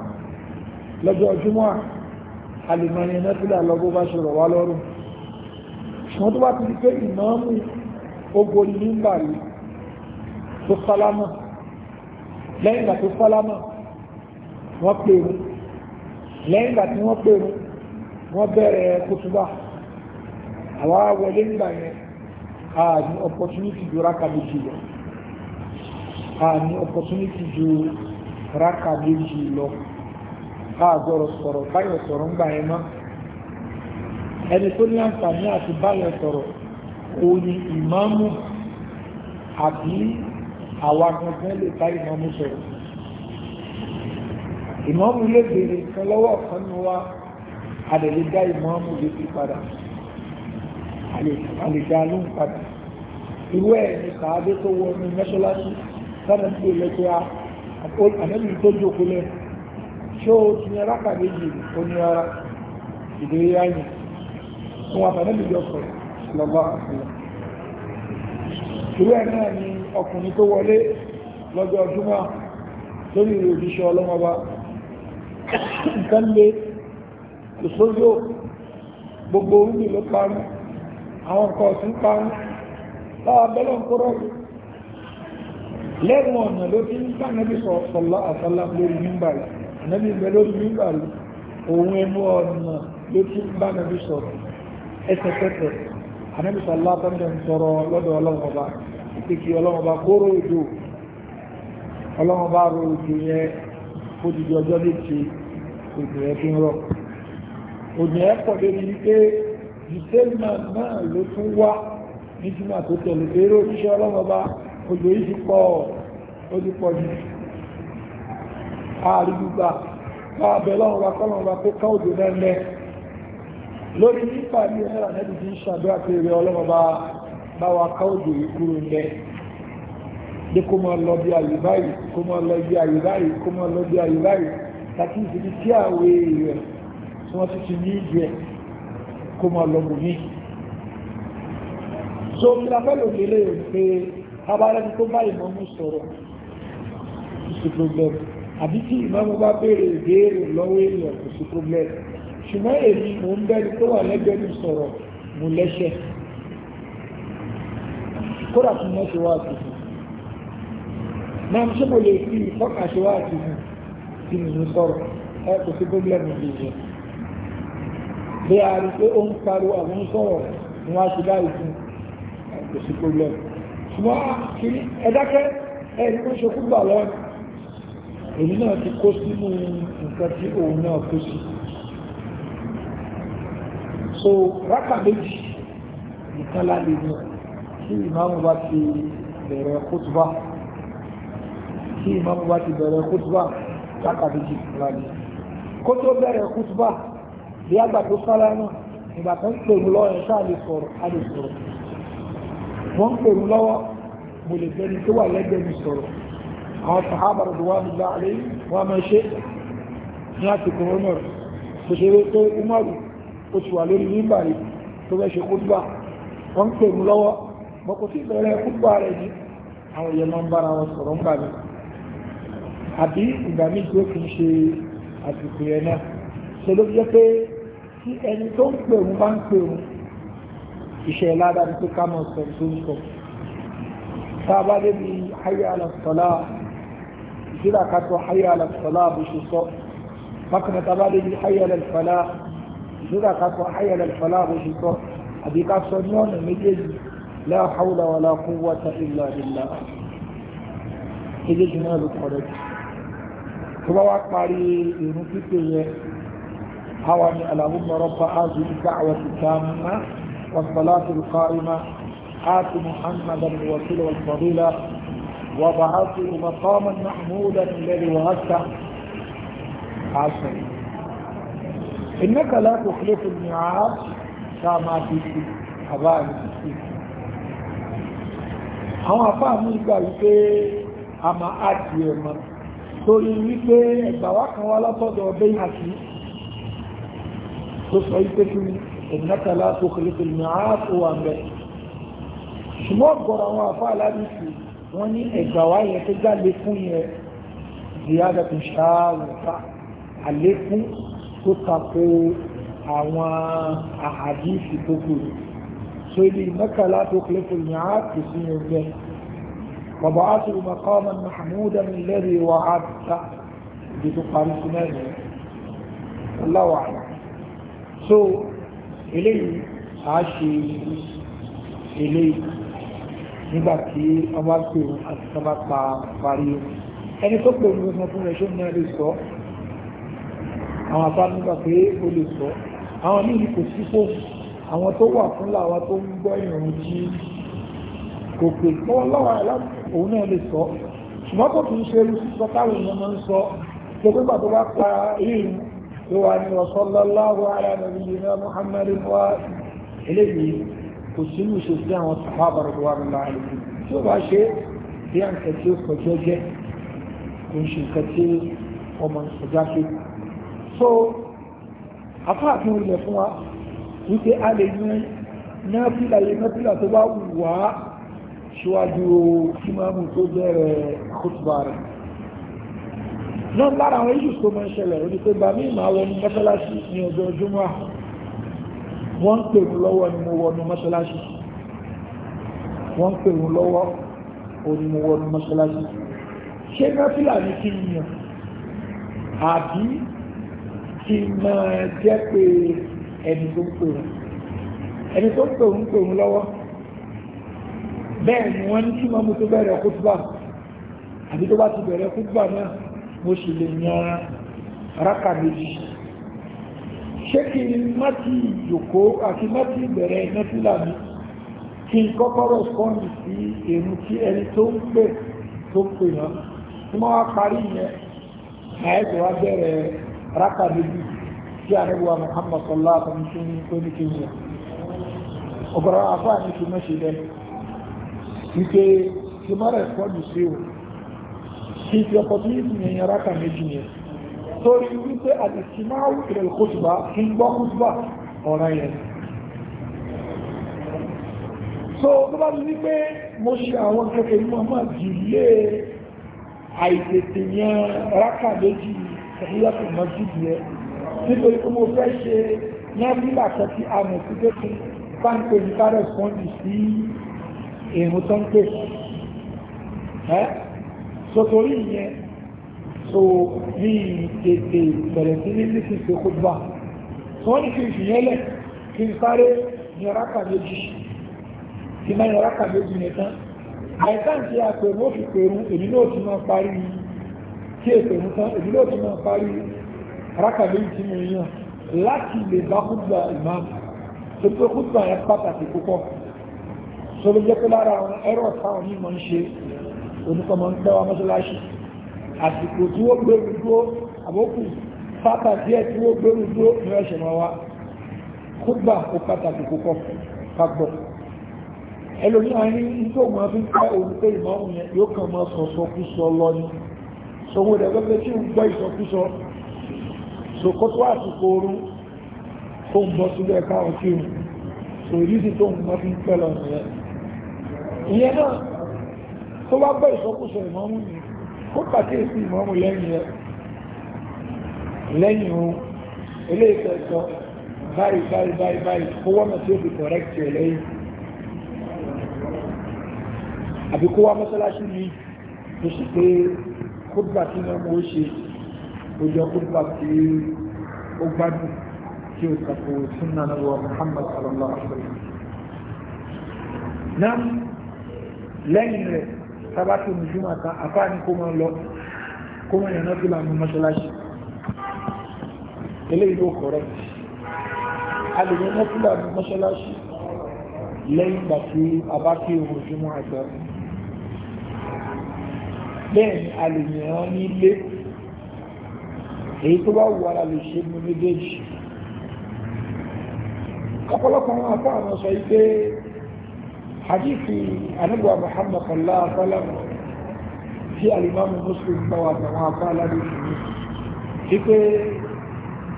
Speaker 1: lọ́jọ́ júmọ́ alìmọ̀ni nẹ́fílà lọ́gbó bá ṣe rọ̀ wá lọ́rùn ṣùgbọ́n tó bá ti di pé ìmọ̀ọ́mù ogori nígbà rí tó sálámà lẹ́yìn ìgbà tó sálámà wọ́n pèrún lẹ́yìn ìgbà tí wọ́n pèrún wọ́n bẹ̀rẹ̀ kútúbà àwọn awọlé nígbà yẹn ààrùn opportunity jọra kàbíjì a ní opportunity ju raka méjì lọ a gbọ́dọ̀ sọ̀rọ̀ báyọ̀ sọ̀rọ̀ ń gbà yẹn mọ́ ẹni tó ní àǹfààní àti báyọ̀ sọ̀rọ̀ kò ní ìmáàmù àbí àwa gangan lè bá ìmáàmù sọ̀rọ̀ ìmáàmù lè béèrè kan lọ́wọ́ kan ní wa a lè lè dá ìmáàmù lè fi padà a lè dá lóhùn padà irú ẹ̀ ní sàádé tó wọ inú mẹ́ṣọ́láṣí tánà sí ìlẹ́kẹ́ àmẹ́lì tó jókòó lẹ́ ṣó ti ní arákà méjì ó ní ara ìdírí ayé fún àtàlẹ́lì jọkọ̀ lọ́gbà àṣìlẹ̀ ṣùgbọ́n náà ni ọkùnrin tó wọlé lọ́jọ́ ọdúnmá lórí òjíṣẹ́ ọlọ́mọba nǹkan lé ìṣójú gbogbo orí ló parun àwọn nǹkan ọ̀sìn parun láwọn abẹ́lẹ̀ ń kó rọ́ọ̀lù lẹ́wọ̀n ọ̀nà ló ti ń bá nẹ́bí sọ sọ̀lá àsálà lórí mímbàrí nẹ́bí bẹ lórí mímbàrí òun ẹnu ọ̀nà ló ti ń bá nẹ́bí sọ ẹsẹ̀kẹsẹ̀ anẹ́bí sọ̀lá tọ́jọ́ ń sọ̀rọ̀ lọ́dọ̀ ọlọ́mọba ìpèkì ọlọ́mọba kóró òjò ọlọ́mọba ro òjò yẹn fódìdí ọjọ́ méje òjò yẹn fi ń rọ̀ òjò yẹn pọ̀ débi wípé ìsẹ́lìmọ̀ náà ló tún wá nítorí àtòtẹ̀lẹ̀ eré òṣìṣẹ́ ọlọ́mọba òjò yìí ti pọ̀ ó ti pọ̀ jù ààrí gbígbà bá abẹ́lọ́run wa kọ́lọ́run wa kó kán òjò náà lẹ́ lórí nípa ní ẹ̀rọ ànẹ́bí ti ń ṣàdúrà pé eré ọlọ́run bá bá wa kán òjò yìí kúrò lẹ́ dé kó máa lọ bí àyè báyìí kó máa lọ bí àyè báyìí kó máa lọ bí àyè báyìí tàbí ìsìnkú tí àwọn èèyàn tí wọ́n ti ti ní ìjẹ́ kó máa lọ bù so kí la fẹ́ lòdì lè pé tábàrẹ́ni tó bá ìmọ̀mú sọ̀rọ̀ sí problem àbí tí ìmọ̀mú bá béèrè ìbéèrè lọ́wọ́ èèyàn kò sí problem ṣùgbọ́n èmi mò ń bẹ́ni tó wà lẹ́gbẹ̀ẹ́ mi sọ̀rọ̀ mo lẹ́ṣẹ̀ kódà tí wọ́n ṣe wá sí i máa ń ṣe mo lè fi ìfọ́kà ṣe wá sí i tí mi ní sọ̀rọ̀ ẹ kò sí problem yìí yẹn bí a rí pé ó ń pariwo àwọn sọ̀rọ̀ ni wọ́n á ṣe báyìí fún ẹ kò sí problem wá kiri ẹ̀dákẹ́ ẹni tó ṣe kú gbà lọ́rùn èyí náà ti kó sínú nǹkan tí òun náà kó sí so rákà méjì nìkan lálẹ́ ní kí ìmáàmù bá ti bẹ̀rẹ̀ kótóbá kí ìmáàmù bá ti bẹ̀rẹ̀ kótóbá rákà méjì lálẹ́ kó tó bẹ̀rẹ̀ kótóbá bí àgbà tó sálámà ìgbà kan pè mí lọ́rùn sáà lè sọ̀rọ̀ á lè sọ̀rọ̀ wọ́n ń pèrú lọ́wọ́ mo lè fẹ́ni tó wà lẹ́gbẹ̀ẹ́ mi sọ̀rọ̀ àwọn sàhábà rẹ̀ wà nílá àrẹ wọ́n máa ṣe ní àsìkò umar kò ṣe wé pé umar ó ti wà lórí nígbà rẹ̀ tó fẹ́ ṣe kúdùbà wọ́n ń pèrú lọ́wọ́ mo kò sí bẹ̀rẹ̀ kúdùbà rẹ̀ ni àwọn èèyàn máa ń bára wọn sọ̀rọ̀ ńgbà mi àbí ìgbà mi tí ó fi ṣe àsìkò yẹn náà ṣe ló jẹ́ pé tí ẹni tó ń pèrú bá ń pèrú iṣẹ́ ládàá ní pé ká mọ̀ sọ tó ń sọ tá a bá débi hayya ala salah ìṣúra ká sọ hayya ala salah bó ṣe sọ bákan náà tá a bá débi hayya ala falah ìṣúra ká sọ hayya ala bó ṣe sọ àbí sọ ní ọ̀nà méjèèjì la hawla wala quwwata illa billah méjèèjì náà ló kọ̀ rẹ̀ tó bá wá parí ìrún pípé yẹn hawa ni alahumma rabba azul da'wati tamma والصلاة القائمة آت محمدا الوسيلة والفضيلة وبعثه مقاما محمودا الذي وهبته عشر إنك لا تخلف الميعاد كما في أبائي àwọn afáàmù ìgbà wípé a ma áàtì ẹ̀mọ́ torí wípé ẹgbàwá kan wá látọ́dọ̀ ọbẹ̀ ìhàkí tó sọ wípé kí ni ìnáka láti òkèlèkè ní ààtò wà mẹ́ ṣùgbọ́n ọ̀gọ̀rọ̀ àwọn afá aládùsù wọ́n ní ẹ̀gbà wá yẹn tó jáde fún yẹn ìyáda tó ṣáàlùfà àlékún tó tako àwọn àhàdìsì tó kù so ibi ìnáka láti òkèlèkè ní ààtò sí yẹn mẹ́ bàbá àtúrò maqaman mahmudan alladhi wa'adta ibi tó parí sí so eléyìí a ṣe eléyìí nígbà tí wọ́n bá pè wọ́n àti wọ́n bá pa parí ẹni tó pè wọ́n fún fún ẹṣọ́ náà lè sọ àwọn afá nígbà pé ó lè sọ àwọn míì kò sí fóònù àwọn tó wà fún làwọn tó ń gbọ́ ìrìn tí kò pè lọ́wọ́ lọ́wọ́ òun náà lè sọ ṣùgbọ́n kò tún ṣe irú sísọ táwọn èèyàn máa ń sọ tó pé pàtó wá pa rí يواني وصلى الله على نبينا محمد وإليه وسلو سلسلان والصحابة رضوان الله عليهم شو باشي في عن كثير فجوجة كنش الكثير ومن صداقي so afáàfin olè fún wa wípé a lè yan náfìlà yìí náfìlà tó bá wù wá síwájú kí máa mú tó bẹ̀rẹ̀ kútùbà rẹ̀ náà lára àwọn issues tó máa ń ṣẹlẹ̀ ó ní pé bá mí máa wọnú mọ́ṣáláṣí ní ọjọ́ júmọ́ wọ́n ń pèrò lọ́wọ́ ni mo wọnú mọ́ṣáláṣí wọ́n ń pèrò lọ́wọ́ ni mo wọnú mọ́ṣáláṣí ṣé náfìlà ní kí n yàn àbí kí n máa jẹ́ pé ẹni tó ń pèrò ẹni tó ń pèrò ń pèrò lọ́wọ́ bẹ́ẹ̀ ni wọ́n ní kí mọ́mú tó bẹ̀rẹ̀ kútùbà àbí tó bá ti bẹ̀rẹ̀ kútùbà náà mo sì lè yan rákà méjì ṣé kí n má ti jòkó àti má ti bẹ̀rẹ̀ nẹ́fílà mi kí n kọ́kọ́ rẹ̀spọ́ndì sí èrò tí ẹni tó ń pè tó pè náà tí wọ́n wá parí yẹn àyẹ̀kọ́ wá bẹ̀rẹ̀ rákà méjì tí àrẹ́wà Muhammad sallá àtàmìsí ní oníkèwà ọ̀gọ̀rọ̀ àfáà ní kí mọ́ ṣe lẹ́nu wípé kí mọ́ rẹ̀spọ́ndì sí òun kí fi opportunity yẹn yẹn سوري méjì yẹn torí wípé àdìsímáwù ìrẹ̀lẹ̀ kòtùbá kí ń gbọ́ kòtùbá ọ̀rọ̀ yẹn so tó bá ní pé mo ṣe àwọn kẹfẹ́ yìí máa máa jù lé àìtètè yẹn rákà méjì ìyàtọ̀ mọ́júdì ẹ nítorí pé mo fẹ́ ṣe nábìlà kẹtì àmì òkúté bá ń pè ní bá rẹ̀ fọ́ndì sí èrò tó ń pè ẹ́ sotori yẹn so ní tètè bẹ̀rẹ̀ sí ní ní fífi kúgbà tó ní fi fi yẹlẹ̀ kí n sáré yọrá kà méjì kí máa yọrá kà méjì yẹn tán àìsàn tí a pèrú ó fi pèrú èmi náà ti máa parí tí èpèrú tán èmi náà ti máa parí rákà méjì tí mo yàn láti lè bá kúgbà ìmáàmù tó pé kúgbà yẹn pàtàkì púpọ̀ sọ ló jẹ́ pé lára àwọn táwọn yìí máa ń ṣe oníkọ́mọ ń pẹ́ wá mọ́ṣáláṣí àsìkò tí wọ́n gbèrú dúró àbókù fáta díẹ̀ tí wọ́n gbèrú dúró ní ọ̀ṣẹ̀ máa wá kúgbà ó pàtàkì púpọ̀ fagbọ̀ ẹlòmí àárín nítorí wọn fi ń pẹ́ òun pé ìmọ̀ọ́mù yẹn yóò kàn máa sọ̀sọ̀ kú sọ lọ ni sọwọ́ rẹ̀ gbẹ́gbẹ́ tí ń gbọ́ ìsọkúsọ sòkótó àsìkò oorun tó ń bọ́ sílẹ̀ káwọn kírun sòrídìí tó ń mọ́ fi ń pẹ́ lọ nìyẹn náà tó bá bẹ́ ìsọkúsọ ìmọ̀mù ni kó pàkíyèsí ìmọ̀mù lẹ́yìn ẹ̀ lẹ́yìn ohun ilé ìfẹ́sọ báyìí báyìí báyìí báyìí kó wọ́n tí ó fi correct ẹ̀ lẹ́yìn àbí kó wá mọ́sálásí ní tó sì pé kódùbà tí wọ́n mọ́ ṣe òjò kódùbà tí ó gbádùn tí ó tako sunna náà wọ Muhammad sallallahu alaihi wa sallam. náà lẹ́yìn rẹ̀ sábàtì ní jùmọ̀ kan àfáà ní kó máa lọ kó máa yànnà fìlà ní mọ́ṣáláṣí eléyìí ló kọ̀rọ̀ a lè yànnà fìlà ní mọ́ṣáláṣí lẹ́yìn ìgbà tí a bá kí ohun jùmọ̀ àjọ bẹ́ẹ̀ ni a lè yàn ní ilé èyí tó bá wù ara lè ọ̀pọ̀lọpọ̀ àwọn afáà náà sọ yìí pé hadithi anábíwá muhammad sallallahu alaihi wa sallam tí alimami muslim bá wà tàwọn afọ aládùúgbò ní wípé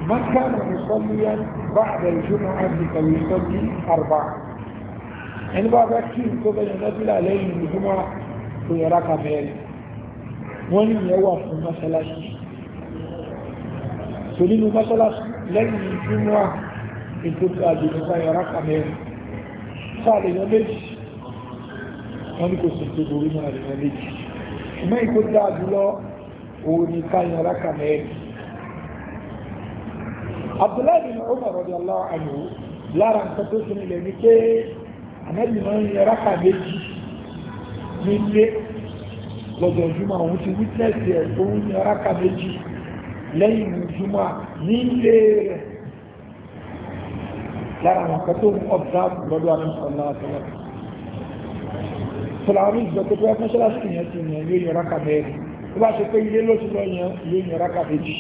Speaker 1: mọ́kànà musalliyan bá àdàlùjúmọ̀ àdìkà yusalli arba ẹni bá bá kí n tó bẹ̀rẹ̀ nábìlà lẹ́yìn ìjùmọ̀ tó yẹra ka mẹ́rin wọ́n ní ìyẹn wà fún mọ́sálásí tó nínú mọ́sálásí lẹ́yìn ìjùmọ̀ ètò àdìkà yẹra ka mẹ́rin sáà lè yan méjì wọ́n ní kò sì tó borí náà rí wọn méjì ṣùgbọ́n ìkó dáa jùlọ òun ni káyọ̀ rákà mẹ́rin Abdullahi bin Umar radiyallahu anhu lára nǹkan tó sinmi lẹ̀ ní pé ànábì máa ń yẹ rákà méjì nílé lọ́jọ́ jùmọ̀ òun ti wítẹ́sì ẹ̀ tó ń yẹ rákà méjì lẹ́yìn jùmọ̀ nílé rẹ̀ lára nǹkan tó ń ọ̀dà lọ́dọ̀ àdúgbò ọ̀la àtọ́lọ́pọ̀ sọláàrí ìjọpẹ́ tó ẹkùn ṣọ́láṣì yẹn ti yàn yóò yàn rákà mẹ́rin tó bá ṣe pé ilé ló ti lọ yàn yóò yàn rákà méjì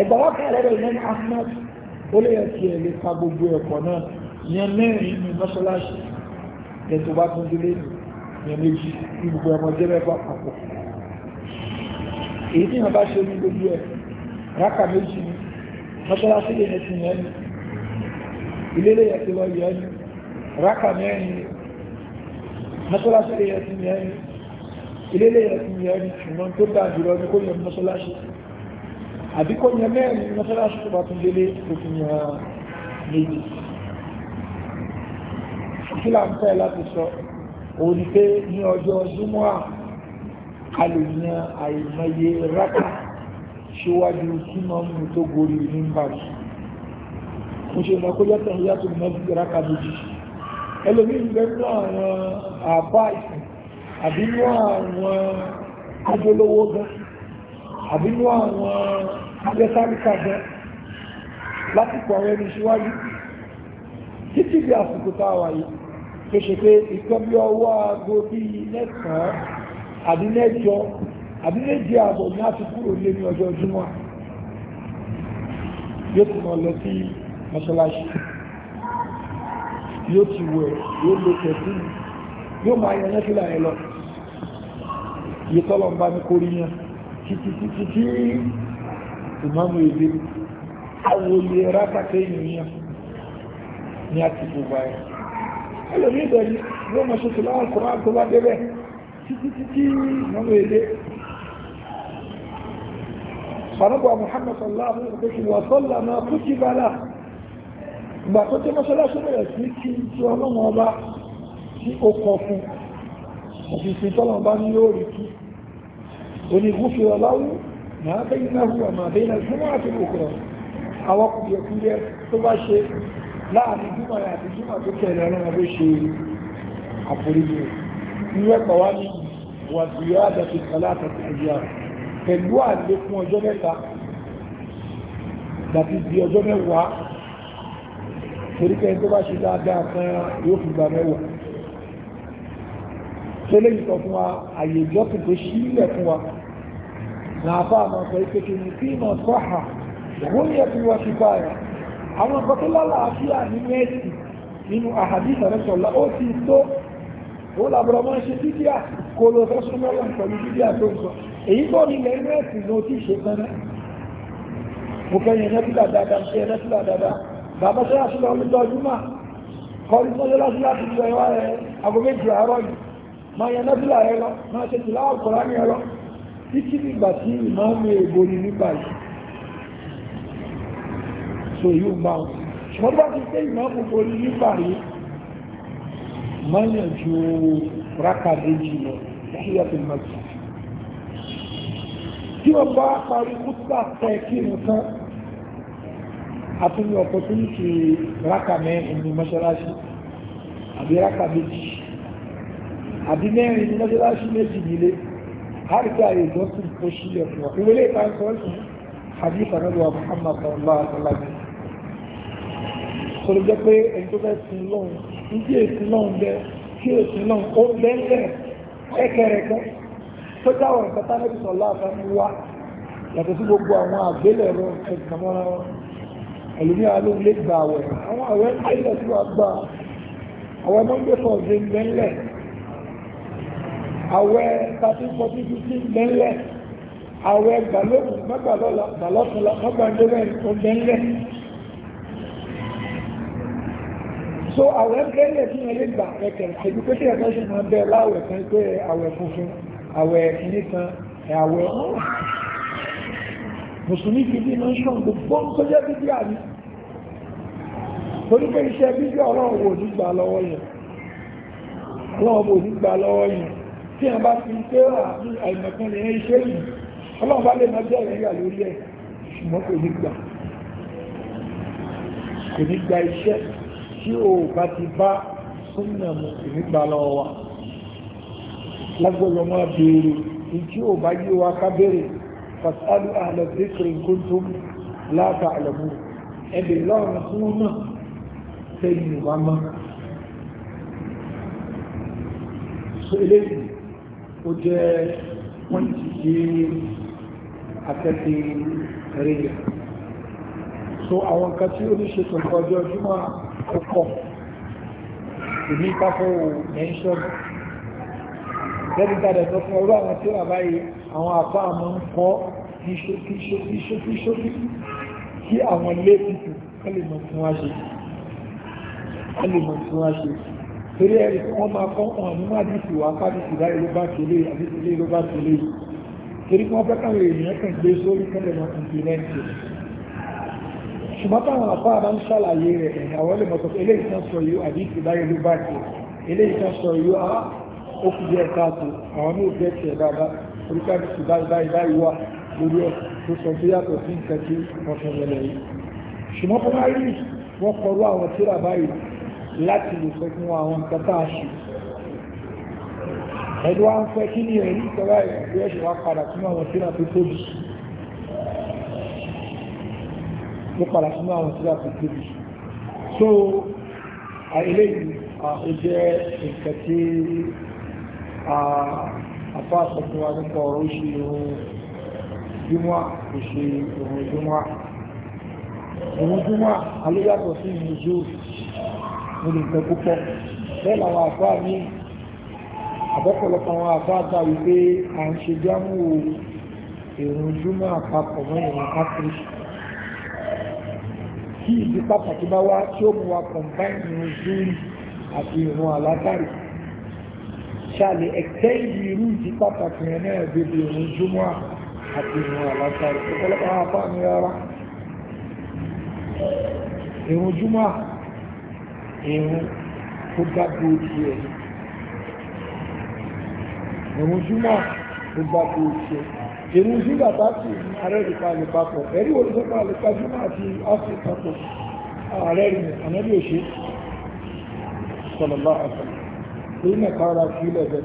Speaker 1: ẹ̀gbọ́n wákà rẹ̀ rẹ̀ yẹn ahmed ó lè yẹ kí ẹ lè ka gbogbo ẹ̀kọ́ náà yẹn mẹ́rin ní mọ́ṣọ́láṣì yẹn tó bá tún délé yẹn méjì ní gbogbo ẹmọ jẹ́rẹ́ bá papọ̀ èyí tí yàn bá ṣe ní gbogbo ẹ̀ rákà méjì ní mọ́ṣọ́láṣì lè yẹn ti yàn ní ilé lè yẹ kí lọ yàn ní rákà mẹ́rin ní mọ́ṣáláṣí lè yẹn ti yẹn ni ilé lè yẹn ti yẹn ni ṣùgbọ́n tó dáa jùlọ ni kò yẹn mọ́ṣáláṣí àbí kò yẹn mẹ́rin mọ́ṣáláṣí tó bá tún délé kò fi yẹn méjì kí là ń fẹ́ láti sọ òun ni pé ní ọjọ́ júmọ́ à a lè yan àìmọye rákà ṣíwájú kí máa ń mú tó gorí nígbà yìí mo ṣe mọ kó yàtọ̀ yàtọ̀ mọ́ rákà méjì ẹlòmí ìgbẹ́nú àwọn àbá ìsìn àbínú àwọn ajólówó gan àbínú àwọn ajẹ́sáríkà gan lásìkò àwọn ẹni síwájú títí bí àsìkò táwà yìí tó ṣe pé ìkan bí ọwọ́ aago bí mẹ́sàn-án àbí mẹ́jọ àbí méje àbọ̀ ní àsìkò òlé ní ọjọ́ ojúmọ́ yóò tún lọ sí mọ́ṣáláṣí yóò ti wẹ̀ yóò lo pẹ̀lú yóò máa yẹn lẹ́fílà ẹ̀ lọ yìí tọ́lọ̀ ń bá ní kórí yẹn títí títí tí ìmáàmù èdè àwòye rákàtẹ́ ìrìnyàn ní àtìkù báyìí ẹlòmí ìbẹ̀rẹ̀ yóò mọ̀ ṣètò láwọn kọ̀ọ̀rọ̀ tó bá débẹ̀ títí títí ìmáàmù èdè sọ̀rọ̀gbà Muhammad sallallahu alaihi wa sallam kutiba lahu ìgbà tó tẹ́ mọ́ṣáláṣí bẹ̀rẹ̀ sí kí tí ọlọ́run ọba tí ó kọ fún òfìsì tọ́lọ́run bá ní yóò rí kí onígúfẹ́ ọláwú máa bẹ́yìn náà wà máa bẹ́yìn náà jùmọ́ àti òkúrọ̀ àwọn kùdìẹ̀kùdìẹ̀ tó bá ṣe láàrin jùmọ̀ àti jùmọ̀ tó tẹ̀lé ọlọ́run torí pé tó bá ṣe dáadáa kan yóò fi gba mẹ́wàá tó lè sọ fún wa àyè ìjọsìn tó ṣí ilẹ̀ fún wa náà bá àmọ́ sọ pé kí ni tí ìmọ̀ sọ́hà òun yẹ fi wá ṣùgbà rẹ̀ àwọn nǹkan tó lálàáfíà nínú ẹ̀sìn nínú àhàdí ìtàrẹ́sọ̀lá ó ti tó ó làbọ̀rọ̀ máa ṣe dídíà kó lọ sọ́sọ́ mẹ́wàá pẹ̀lú dídíà tó ń sọ èyí tó ní ilẹ̀ ló ti ṣe tán mo fẹ́ yẹn nẹ́fìlà dáadáa mo fẹ́ dáadáa bàbá tó yàtúlọ olùdọ́júmà kọrí mọ́sálásí láti lọ ẹwà ẹ agoméjì àárọ̀ yìí máa yẹn nọ́bílà ẹ lọ máa ṣe tìlá ọ̀kọ̀rá ní ẹ lọ títí nígbà tí ìmáàmù ègbò ní nípa yìí so yóò bá wọn ṣùgbọ́n bá ti pé ìmáàmù borí nípa yìí máa yàn ju rákàdéjì lọ sí ẹ̀sìn mọ́tò tí wọ́n bá parí kúta tẹ̀ kí nìkan àtúnyẹ opportunity rákà mẹ́rin ní mọ́ṣáláṣí àbí rákà méjì àbí mẹ́rin ní mọ́ṣáláṣí méjì nílé àríkà ìjọsìn tó sílẹ̀ fún wa ìwé lè ta sọ ẹ̀sùn hadith anabiwa muhammad sallallahu alaihi wa sallam sọ̀rọ̀ jẹ́ pé ẹni tó fẹ́ sin lọ́hùn ìdí èsì lọ́hùn bẹ́ẹ̀ kí èsì lọ́hùn ó bẹ́ẹ̀ ẹ̀kẹ́rẹ̀kẹ́ tó yàtọ̀ sí gbogbo àwọn àgbélẹ̀rọ ẹ̀gbọ̀n mọ́ra ẹlòmí àlọ́ lè gba àwẹ̀ àwọn àwẹ̀ ńlẹ̀ tí wàá gba àwẹ̀ mọ́ndé fọ̀ọ̀dé ńlẹ̀ àwẹ̀ thirteen fourteen fifteen ńlẹ̀ àwẹ̀ gbàlóògùn mọ́gbàlọ́la gbàlọ́kùnla mọ́gbàndínlẹ̀ ńlẹ̀ so àwẹ̀ ńlẹ̀ tí wọ́n lè gba ẹ̀kẹ̀ ẹ̀dùkẹ́tì ẹ̀kọ́ sì máa ń bẹ láwẹ̀ kan pé àwẹ̀ funfun àwẹ̀ kìíní kan àwẹ̀ ọ̀hún mùsùlùmí fi bí mọ́ṣán gbogbo ń tó jẹ́ bíbí àrí torí pé iṣẹ́ bíbí ọlọ́run wò ní gbà lọ́wọ́ yẹn ọlọ́run wò ní gbà lọ́wọ́ yẹn tí a bá fi pé àmì àìmọ̀kan lè yẹn iṣẹ́ yìí ọlọ́run bá lè máa jẹ́ ìrìn àlè orí ẹ̀ ṣùgbọ́n kò ní gbà kò ní gba iṣẹ́ tí o bá ti bá súnmọ̀ mu kò ní gbà lọ́wọ́ wa lágbọ́dọ̀ máa béèrè tí o bá yí wa ká béèrè fasalu ahla dhikri in kuntum la ta'lamun ẹbẹ̀ lọ́rùn tí wọ́n mọ̀ tẹ́yìn ìwà mọ́ so eléyìí ó jẹ́ wọ́n ti ṣe akẹ́kẹ́ rẹ̀ so àwọn nǹkan tí ó ní ṣe tó kọjọ́ ojúmọ́ ọkọ̀ ìní káfọ́ mẹ́ńṣọ́n gẹ́gẹ́ bí dáadáa sọ fún ọlọ́ àwọn tí ó wà báyìí àwọn àbá àmọ́ ń kọ́ ní ṣókí ṣókí ṣókí ṣókí kí àwọn lé pípù kọlìmọ̀ tí wọ́n ṣe torí ẹ̀rí wọ́n máa kọ́ wọn ní máa dìtì wá fádìtì láì ló bá tẹ̀lé àdìtì lé ló bá tẹ̀lé torí wọ́n fẹ́ káwọn èèyàn kan gbé sórí kọlìmọ̀ ìpìlẹ̀ǹtì ṣùgbọ́n táwọn àbá àmọ́ ń ṣàlàyé rẹ̀ ẹ̀yà wọ́n lè mọ̀ sọ pé eléyìí kan sọ yóò àdìtì láì ló bá tẹ̀ eléyìí kan sọ yóò á ah, ó kù díẹ̀ káàtó àwọn ní òbí ẹ̀ oríkàrí sí báyìí báyìí báyìí wà lórí ẹ̀ tó sọ tó yàtọ̀ sí nǹkan tí wọ́n fẹ́ lẹ́lẹ̀ yìí ṣùgbọ́n fún àìrí wọ́n kọrú àwọn tíra báyìí láti lè fẹ́ fún àwọn nǹkan tá a ṣe ẹni wá ń fẹ́ kí ni ẹ̀rí ìtọ́wá ìgbé ẹ̀ṣẹ̀ wá padà sínú àwọn tíra tó tóbi ló padà sínú àwọn tíra tó tóbi so eléyìí ó jẹ́ nǹkan tí afọ́ àsọ̀tún wa nípa ọ̀rọ̀ ṣe irun júmọ́ si, ṣe irun júmọ́ irun júmọ́ alóyàtọ̀ sí irun zoro mo lè fẹ́ púpọ̀ bẹ́ẹ̀ làwọn àfọ́ àmì àbọ́pọ̀lọpọ̀ àwọn àfọ́ àgbà wípé à ń ṣe jámù irun júmọ́ àpapọ̀ mọ́ irun kápẹ́rì kí ìdí pàtàkì bá wá tí ó mú wa kọ̀ǹbáìnì irun zoro àti irun àlátàrí ṣàlẹ̀ ẹ̀kẹ́yìn irú ìdí pàtàkì yẹn náà bèbè òun júmọ́ àti ìrìn àlásàrò ọ̀pọ̀lọpọ̀ apá mi rárá ìrìn júmọ́ ìrìn tó dágbó tiẹ̀ ìrìn júmọ́ tó dágbó tiẹ̀ ìrìn júmọ́ àtàkì arẹ́rìípa lè papọ̀ ẹ̀rí olùsọ́pọ̀ àlèkà júmọ́ àti áfíríkà pọ̀ ààrẹ rìn ànábì òṣèlú sọlọ́lá àtàkì èyí nẹ̀ka ọ̀rọ̀ fi ilẹ̀ bẹ̀.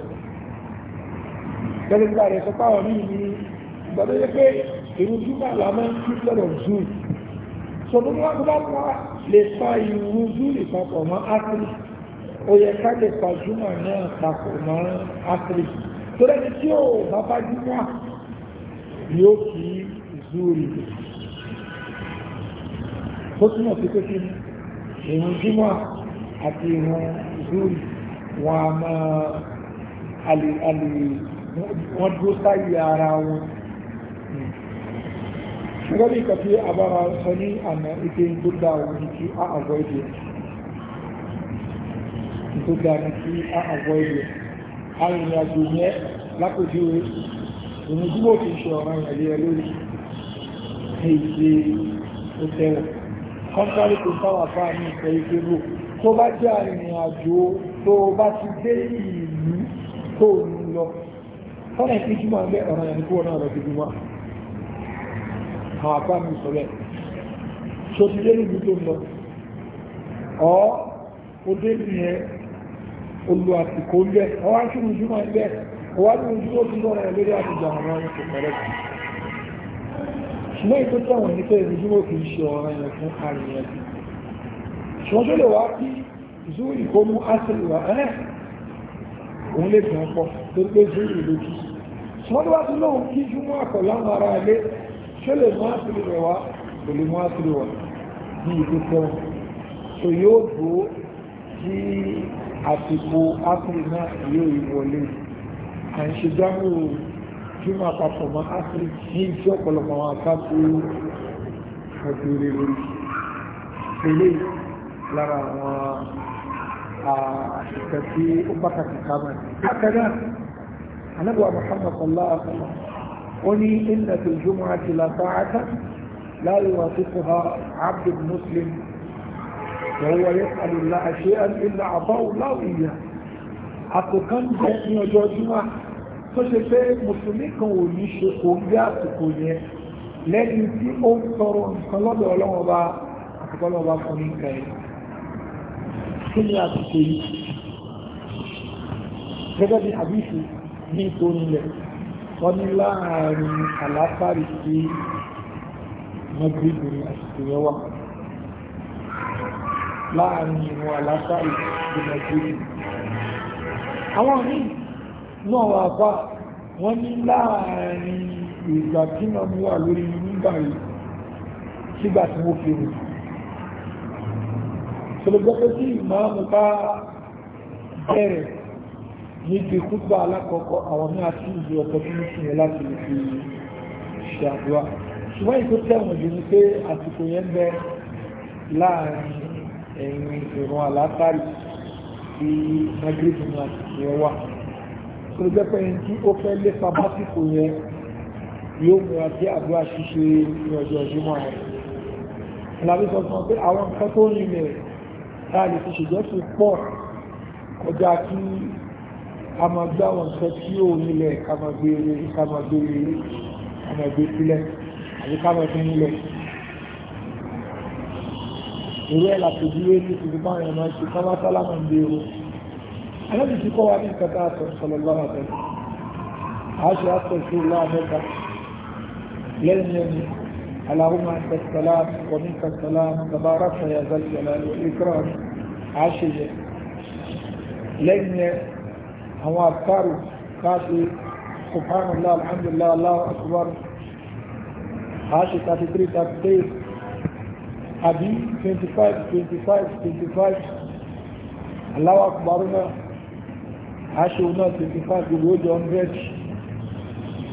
Speaker 1: Gẹ́gẹ́ bí ààrẹ sọ páwọn ní ìlú ìgbà tó yẹ pé ìlú Júmọ̀ là máa ń kí lọ́dọ̀ Zoom. Sọ tó wá gbọ́dọ̀ wá lè fa ìlú Zoom ìpapọ̀ mọ́ Áfírí. Ó yẹ ká lè fa Júmọ̀ náà papọ̀ mọ́ Áfírí. Tó lẹ́ni tí ò bá bá Júmọ̀ ni ó kì í Zúrì. Ó túmọ̀ sí pé kí ni ìrùn Júmọ̀ àti ìrùn Zúrì wọn a máa alè alè wọn dúró sáyé ara wọn ṣùgbọ́n ní kàfí àbára sọ ní àmà ike tó dá òun kí a avoid it tó dá ní kí a avoid it arìnrìnàjò yẹn lápòjú ìrìn tí mo fi ṣe ọ̀ràn ìrìnàjò lórí ní ìṣe òtẹ́wọ̀n contrary to power power ní ìfẹ́ ike rò tó bá jẹ́ arìnrìnàjò tó bá ti dé ìlú tó ń lọ fọ́nà ìpín jùmọ̀ ẹgbẹ́ ọ̀rọ̀ ẹni kó náà lọ sí jùmọ̀ àwọn àpá mi sọ bẹ́ẹ̀ tó ti dé ìlú tó ń lọ ọ́ ó dé nìyẹn olú àsìkò ń bẹ́ ọwá ń ṣùgbọ́n jùmọ̀ ẹgbẹ́ ọwá ní ojú tó ti lọ́rọ̀ ẹ lórí àtijọ́ àwọn ọmọ ẹni pẹ̀lẹ́ ṣùgbọ́n ìtọ́jú àwọn ẹni ìrìnjúmọ̀ kì í ṣe ọ̀rọ̀ ẹ̀yàn fún arìnrìn ẹ̀sìn ṣùgbọ́n tó lè wá kí zúrì kó mú asìlì wà ẹ́ òun lè tàn pọ̀ tó gbé zúrì lójú sọ́dọ̀ wá sí lóhun kí júmọ́ àkọ́lá ara ilé ṣé lè mú asìlì rẹ̀ wá kò lè mú asìlì wà ní ìlú kan so yóò dúró tí àsìkò asìlì náà yóò wọlé à ń ṣe jáwó júmọ́ àpapọ̀ mọ́ asìlì ní ìṣẹ́ ọ̀pọ̀lọpọ̀ àwọn akáàtó ọdún rẹ̀ lórí eléyìí lára àwọn àṣìkẹ̀tí ó pàtàkì kámẹ́. Akẹ́dà, anábọ̀ Muhammad sallallahu alaihi wa sallam, ó ní inna fil jumu'ati la ta'ata la yuwafiquha abdul muslim wa huwa yas'alu Allaha shay'an illa a'tahu Allahu iyyahu. Àkókán jẹ́ ní ọjọ́ Júmọ́ tó ṣe pé Mùsùlùmí kan ò ní ṣe kò ń gbé àsìkò yẹn lẹ́yìn tí ó ń tọrọ nǹkan lọ́dọ̀ Ọlọ́run ọba àtìkọ́lọ́ba fún ní kẹrin kí ni àsìkò yìí gẹ́gẹ́ bí àbíṣe ní ìtòrìlẹ̀ wọ́n ní láàárín àlàáfàrí sí mọ́gbìdì ní àsìkò yẹn wà láàárín ìwọ̀n àlàáfàrí sí mọ́gbìdì àwọn míì náà wà bá wọ́n ní láàárín ìgbà tí wọ́n mú wà lórí nígbà yìí sígbà tí wọ́n fi rìn tọ́lọ́gbọ́pẹ́ sí ìmáàmù bá bẹ̀rẹ̀ níbi kúgbà alákọ̀ọ́kọ́ àwọn ní àti ìlú ọ̀pọ̀ tó ń sinmi láti fi ṣe àdúrà ṣùgbọ́n ìtò tẹ̀wọ̀n jù ní pé àsìkò yẹn bẹ láàrin ẹ̀yìn ìrún àlátàrí sí magreth ní àsìkò yẹn wà tọ́lọ́gbọ́pẹ́ yẹn tí ó fẹ́ lépa básìkò yẹn yóò múra sí àdúrà ṣíṣe ní ọjọ́ ìjùmọ̀ rẹ̀ làbí sọ fún ọ pé àwọn nǹkan tó ń rìn láàrin fi ṣèjọ́ sí pọ̀ kọjá kí a máa gbá wọn sọ tí ó nílẹ̀ ká máa gbé ká máa gbé ká máa gbé sílẹ̀ àbí ká máa fi nílẹ̀ ìrú ẹ̀ ní ìfìdí bá yẹn o alábìí ti kọ́ wa ní nǹkan tá a sọ sọlọ lọ́wọ́ àtẹ̀lẹ́ اللهم أنت السلام ومنك السلام تبارك يا ذا الجلال والإكرام عشية لن هو أفكار كاتي سبحان الله الحمد لله الله أكبر عشية كاتي تريد أكتير أبي 25 25 25 الله أكبرنا عشية هنا 25 بالوجه 100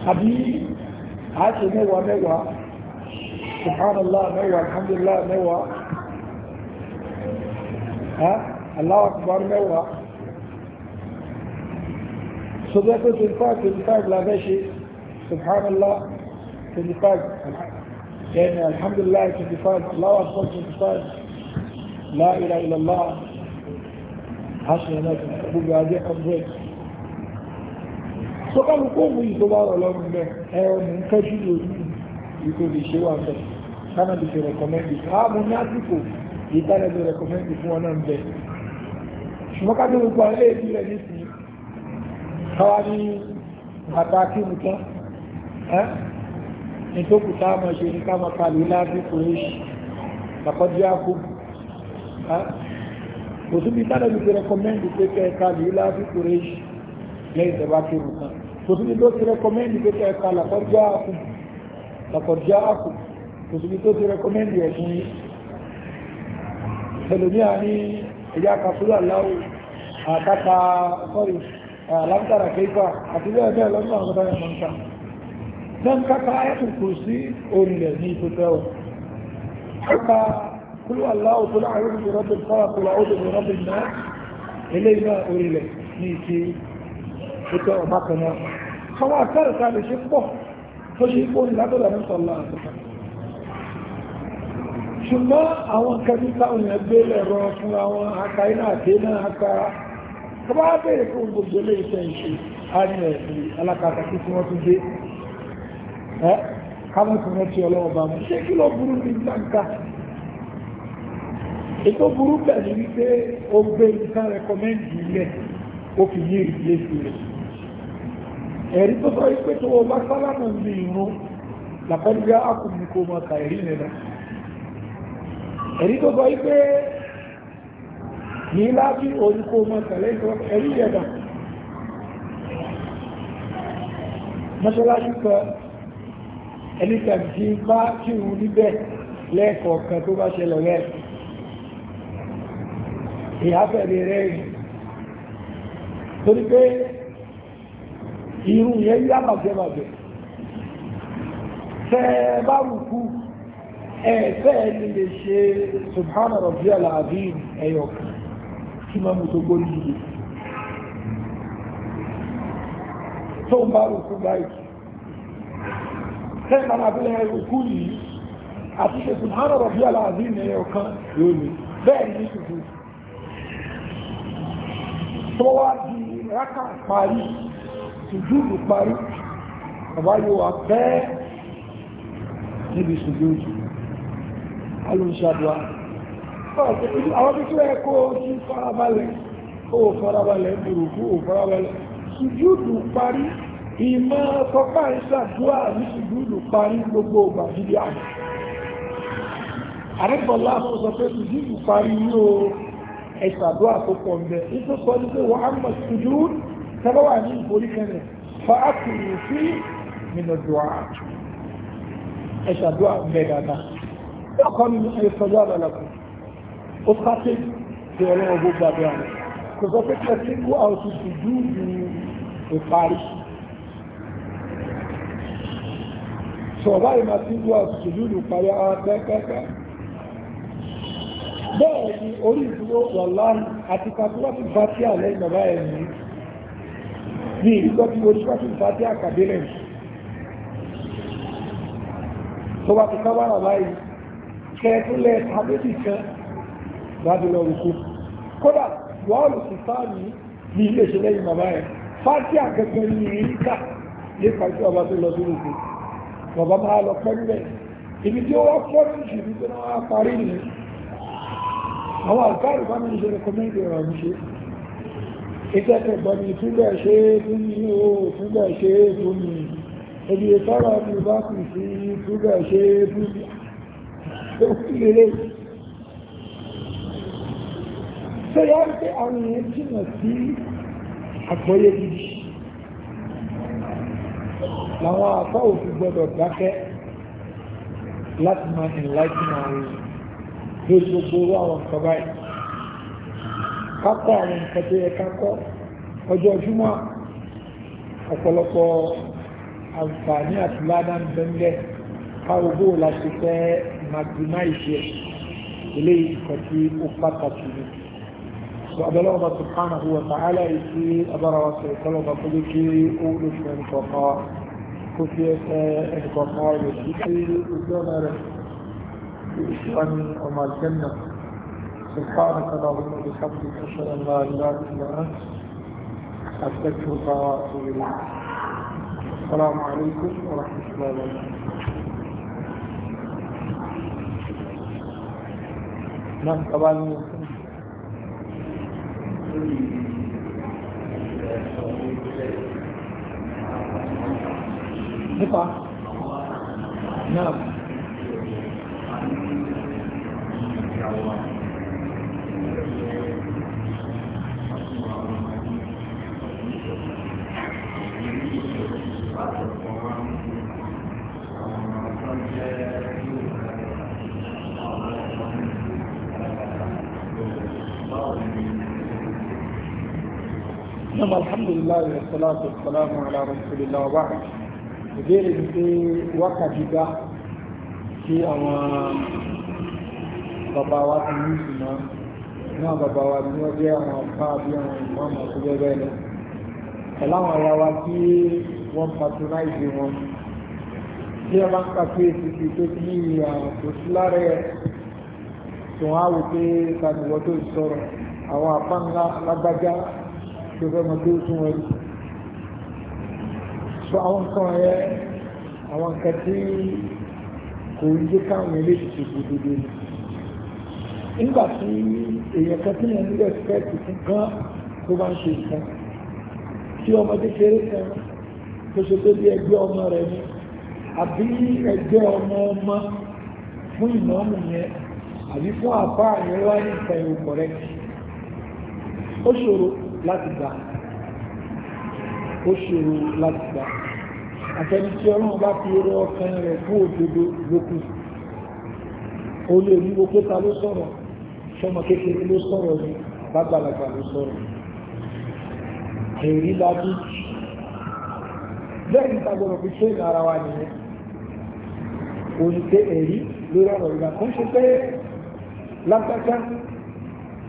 Speaker 1: أبي عشية ميوة ميوة subhanallah mẹ́wàá alhamdulillah mẹ́wàá Allahu akbar mẹ́wàá sọ́jọ́ pé 25 25 lábẹ́ ṣe subhanallah 25 yẹni alhamdulillah 25 Allahu akbar 25 la ilaha illallah hasanat gbogbo adé ọgbẹ́ sọ́kàlùkọ́ mú ìtọ́bá ọlọ́run mẹ́ ẹ̀rọ mú kẹ́jú lórí ìkòlè ṣe wà bẹ́ẹ̀ tánàbí ṣe rẹ̀kọ́mẹ́ndì ààbò ah, ní àsìkò yìí tánàbí rẹ̀kọ́mẹ́ndì fún ọ̀nà ìbẹ̀ ṣùgbọ́n ká gbogbo àwọn ilé ìbí rẹ̀ ní sí káwá ní bàbá kírun tán ẹ́ nítòkù tá a máa ṣe ní ká máa kàlù láàbí kòrèṣì àkọ́jú àkó kò síbi tánàbí ṣe rẹ̀kọ́mẹ́ndì pé kẹ́ kàlù láàbí kòrèṣì lẹ́yìn tẹ́ bá kírun tán kò síbi ló ṣe rẹ̀kọ́mẹ́ndì pé kẹ́ kàlù àkọ́jú kò síbi tó ti rẹkọmẹ́ndì ẹ̀kún yìí ẹlòmíà ní ẹ̀yà kàfúrà láwù àkàtà sọ́rí àlámtàrà kéfà àti bẹ́ẹ̀ bẹ́ẹ̀ lọ́nà àwọn ọ̀dọ́ ẹ̀mọ́ nǹkan náà kàkà ẹ̀kùn kò sí orílẹ̀ ní ìfòtẹ́wọ̀ kàkà kúrò aláwù tó láàrin ìrìn rọ́bìn kọ́ra kúrò àwòdò ìrìn rọ́bìn náà eléyìí náà orílẹ̀ ní ìfi ìfòtẹ́wọ̀ bákan náà àwọn àkàrẹ̀ta lè ṣe pọ̀ ṣùgbọ́n àwọn kẹbí táwọn èèyàn gbé lẹ́rọ fún àwọn aka iná àti iná aka kọba bèèrè fún gbogbo ilé iṣẹ́ ìṣe àárín ẹ̀sìn alákàtà kí tí wọ́n tún dé ẹ́ káwọn wọ́n ti ọlọ́wọ́ mú ṣé kí ló burú ní gbàǹkà o ẹ̀rí tó sọ wípé ní láti orúkọ ọmọ tẹ̀lé ẹ̀rí yẹ̀dà mọ́ṣọ́láṣí kan ẹni tàbí bá kírù níbẹ̀ lẹ́ẹ̀kọ̀ọ̀kan tó bá ṣẹlẹ̀ rẹ̀ ìyáfẹ̀rẹ̀ rẹ̀ rìn torí pé irú yẹn yá bàjẹ́ bàjẹ́ bá rùkú ẹ̀ẹ́fẹ́ ẹni lè ṣe subhana rabbi alaabin ẹyọ kí máa mú tó gbóni yìí tó ń bá òkú báyìí tẹ́ẹ̀ máa bẹ́ẹ̀ òkú yìí àti ṣe subhana rabbi alaabin ẹyọ kan yóò ní bẹ́ẹ̀ ní tuntun tó wá di rákà parí sùjúdù parí bàbá yóò wá bẹ́ẹ̀ níbi sùjúdù alùsàdùá àwọn bí tó ẹkọ́ sí farabalẹ̀ ó farabalẹ̀ burúkú ó farabalẹ̀ sùjúdù parí ìmọ̀ ọkọ̀pá ìsàdùá ní sùjúdù parí gbogbo ọgbà dídí àmì àrẹ́bọ̀lá sọ pé sùjúdù parí ní o ẹ̀sàdùá tó pọ̀ mbẹ́ nítorí sọ ní pé wọ́n á mọ̀ sùjúdù tẹ́lọ́wà ní ọkọ mi ìfọdọ àbàlàkù ó pàṣẹ bí ọlọ́wọ́ bó gbàgbé àwọn kò sọ pé kẹsí kó àwọn tuntun dúdú ìparí sọ̀rọ̀ ìmọ̀ tí wọ́n tuntun dúdú parí àwọn akẹ́kẹ́kẹ́ bẹ́ẹ̀ ni orí ìdúró wàláhì àti kàtúwàtí fàtí àlẹ́ ìgbàbá ẹ̀mí ní ìrìkọ́ tí orí fàtí fàtí àkàbílẹ̀ tó bá ti kábàrà báyìí kẹ́ẹ̀túnlẹ̀ tàbí kan gbádùlọ rùkú kódà wọ́ọ̀lù sí fáàmì ní ilé ìṣẹ́lẹ̀ yìí màmá ẹ̀ fáàtì àgẹ́gẹ́ ní ìríkà nípa tí ọba tó lọ sí rùkú bàbá máa lọ pẹ́ níbẹ̀ ibi tí ó wá fọ́ ní jù ní pé wọ́n á parí nìyí àwọn àgbáàrù bá mi ṣe rẹ̀kọ́mẹ́ndì ọ̀rọ̀ mi lélẹ̀ tó yá pé àwọn èèyàn jìnà sí àgbọ́yé gidi làwọn àpá òfin gbọdọ̀ dákẹ́ láti máa ní láti máa rí lórí gbogbo owó àwọn nǹkan báyìí kákọ́ àwọn nǹkan tó yẹ maximize ẹ̀ eléyìí nǹkan tí ó pàtàkì ni so abẹ́lẹ́ ọba subhanahu wa ta'ala ìsí abára wa sọ̀rọ̀ kọ́lọ̀ ọba kó lè kí ó wúlò fún ẹnì kọ̀ọ̀kan wa kó fi ẹsẹ̀ ẹnì kọ̀ọ̀kan wa rẹ̀ sí sí ojú ọ̀nà rẹ̀ sí ìṣúwani ọmọ àjẹ́nà سبحانك اللهم وبحمدك اشهد ان لا اله الا انت استغفرك واتوب اليك السلام عليكم ورحمه الله وبركاته náà bàbá ní nípa náà ثم الحمد لله والصلاة والسلام على رسول الله وبعد ìbéèrè ní pé wákàtí gbá tí àwọn bàbá wa ti ní ìsìnà náà bàbá wa ni wọ́n jẹ́ àwọn ọ̀pá àbí àwọn ìmọ̀ọ́mọ̀ tó bẹ́ẹ̀ lọ ẹ̀láwọn ara wa tí wọ́n patronize wọn tí ẹ bá ṣe fẹ́ mọ pé ó tún wọlé so àwọn nǹkan ẹ àwọn nǹkan tí kò ń jẹ́ káwọn eléyìí ṣe gbòdodo ni nígbà tí èèyàn kan tí yẹn nílẹ̀ fẹ́ẹ̀tì fún gan tó bá ń ṣe nǹkan tí ọmọdé kéré kan tó ṣe tó bí ẹgbẹ́ ọmọ rẹ̀ ni àbí ẹgbẹ́ ọmọ ọmọ fún ìmọ̀ọ́mù yẹn àbí fún àbá àyẹ̀wò àyẹ̀kẹ́ ìwòkọ̀rẹ́kì ó ṣòro láti gbà ó ṣòro láti gbà àtẹni tí ọlọ́run bá fi eré ọkàn rẹ̀ fún òdodo lókù ó lè ní gbogbo ta ló sọ̀rọ̀ sọmọ kékeré ló sọ̀rọ̀ ni bàgbàlagbà ló sọ̀rọ̀ èrí lábí lẹ́yìn ìtagbọ̀rọ̀ fi ṣe ìlara wa nìyẹn òun pé èrí lórí ọ̀rọ̀ ìgbà kan ṣe pé lágbájá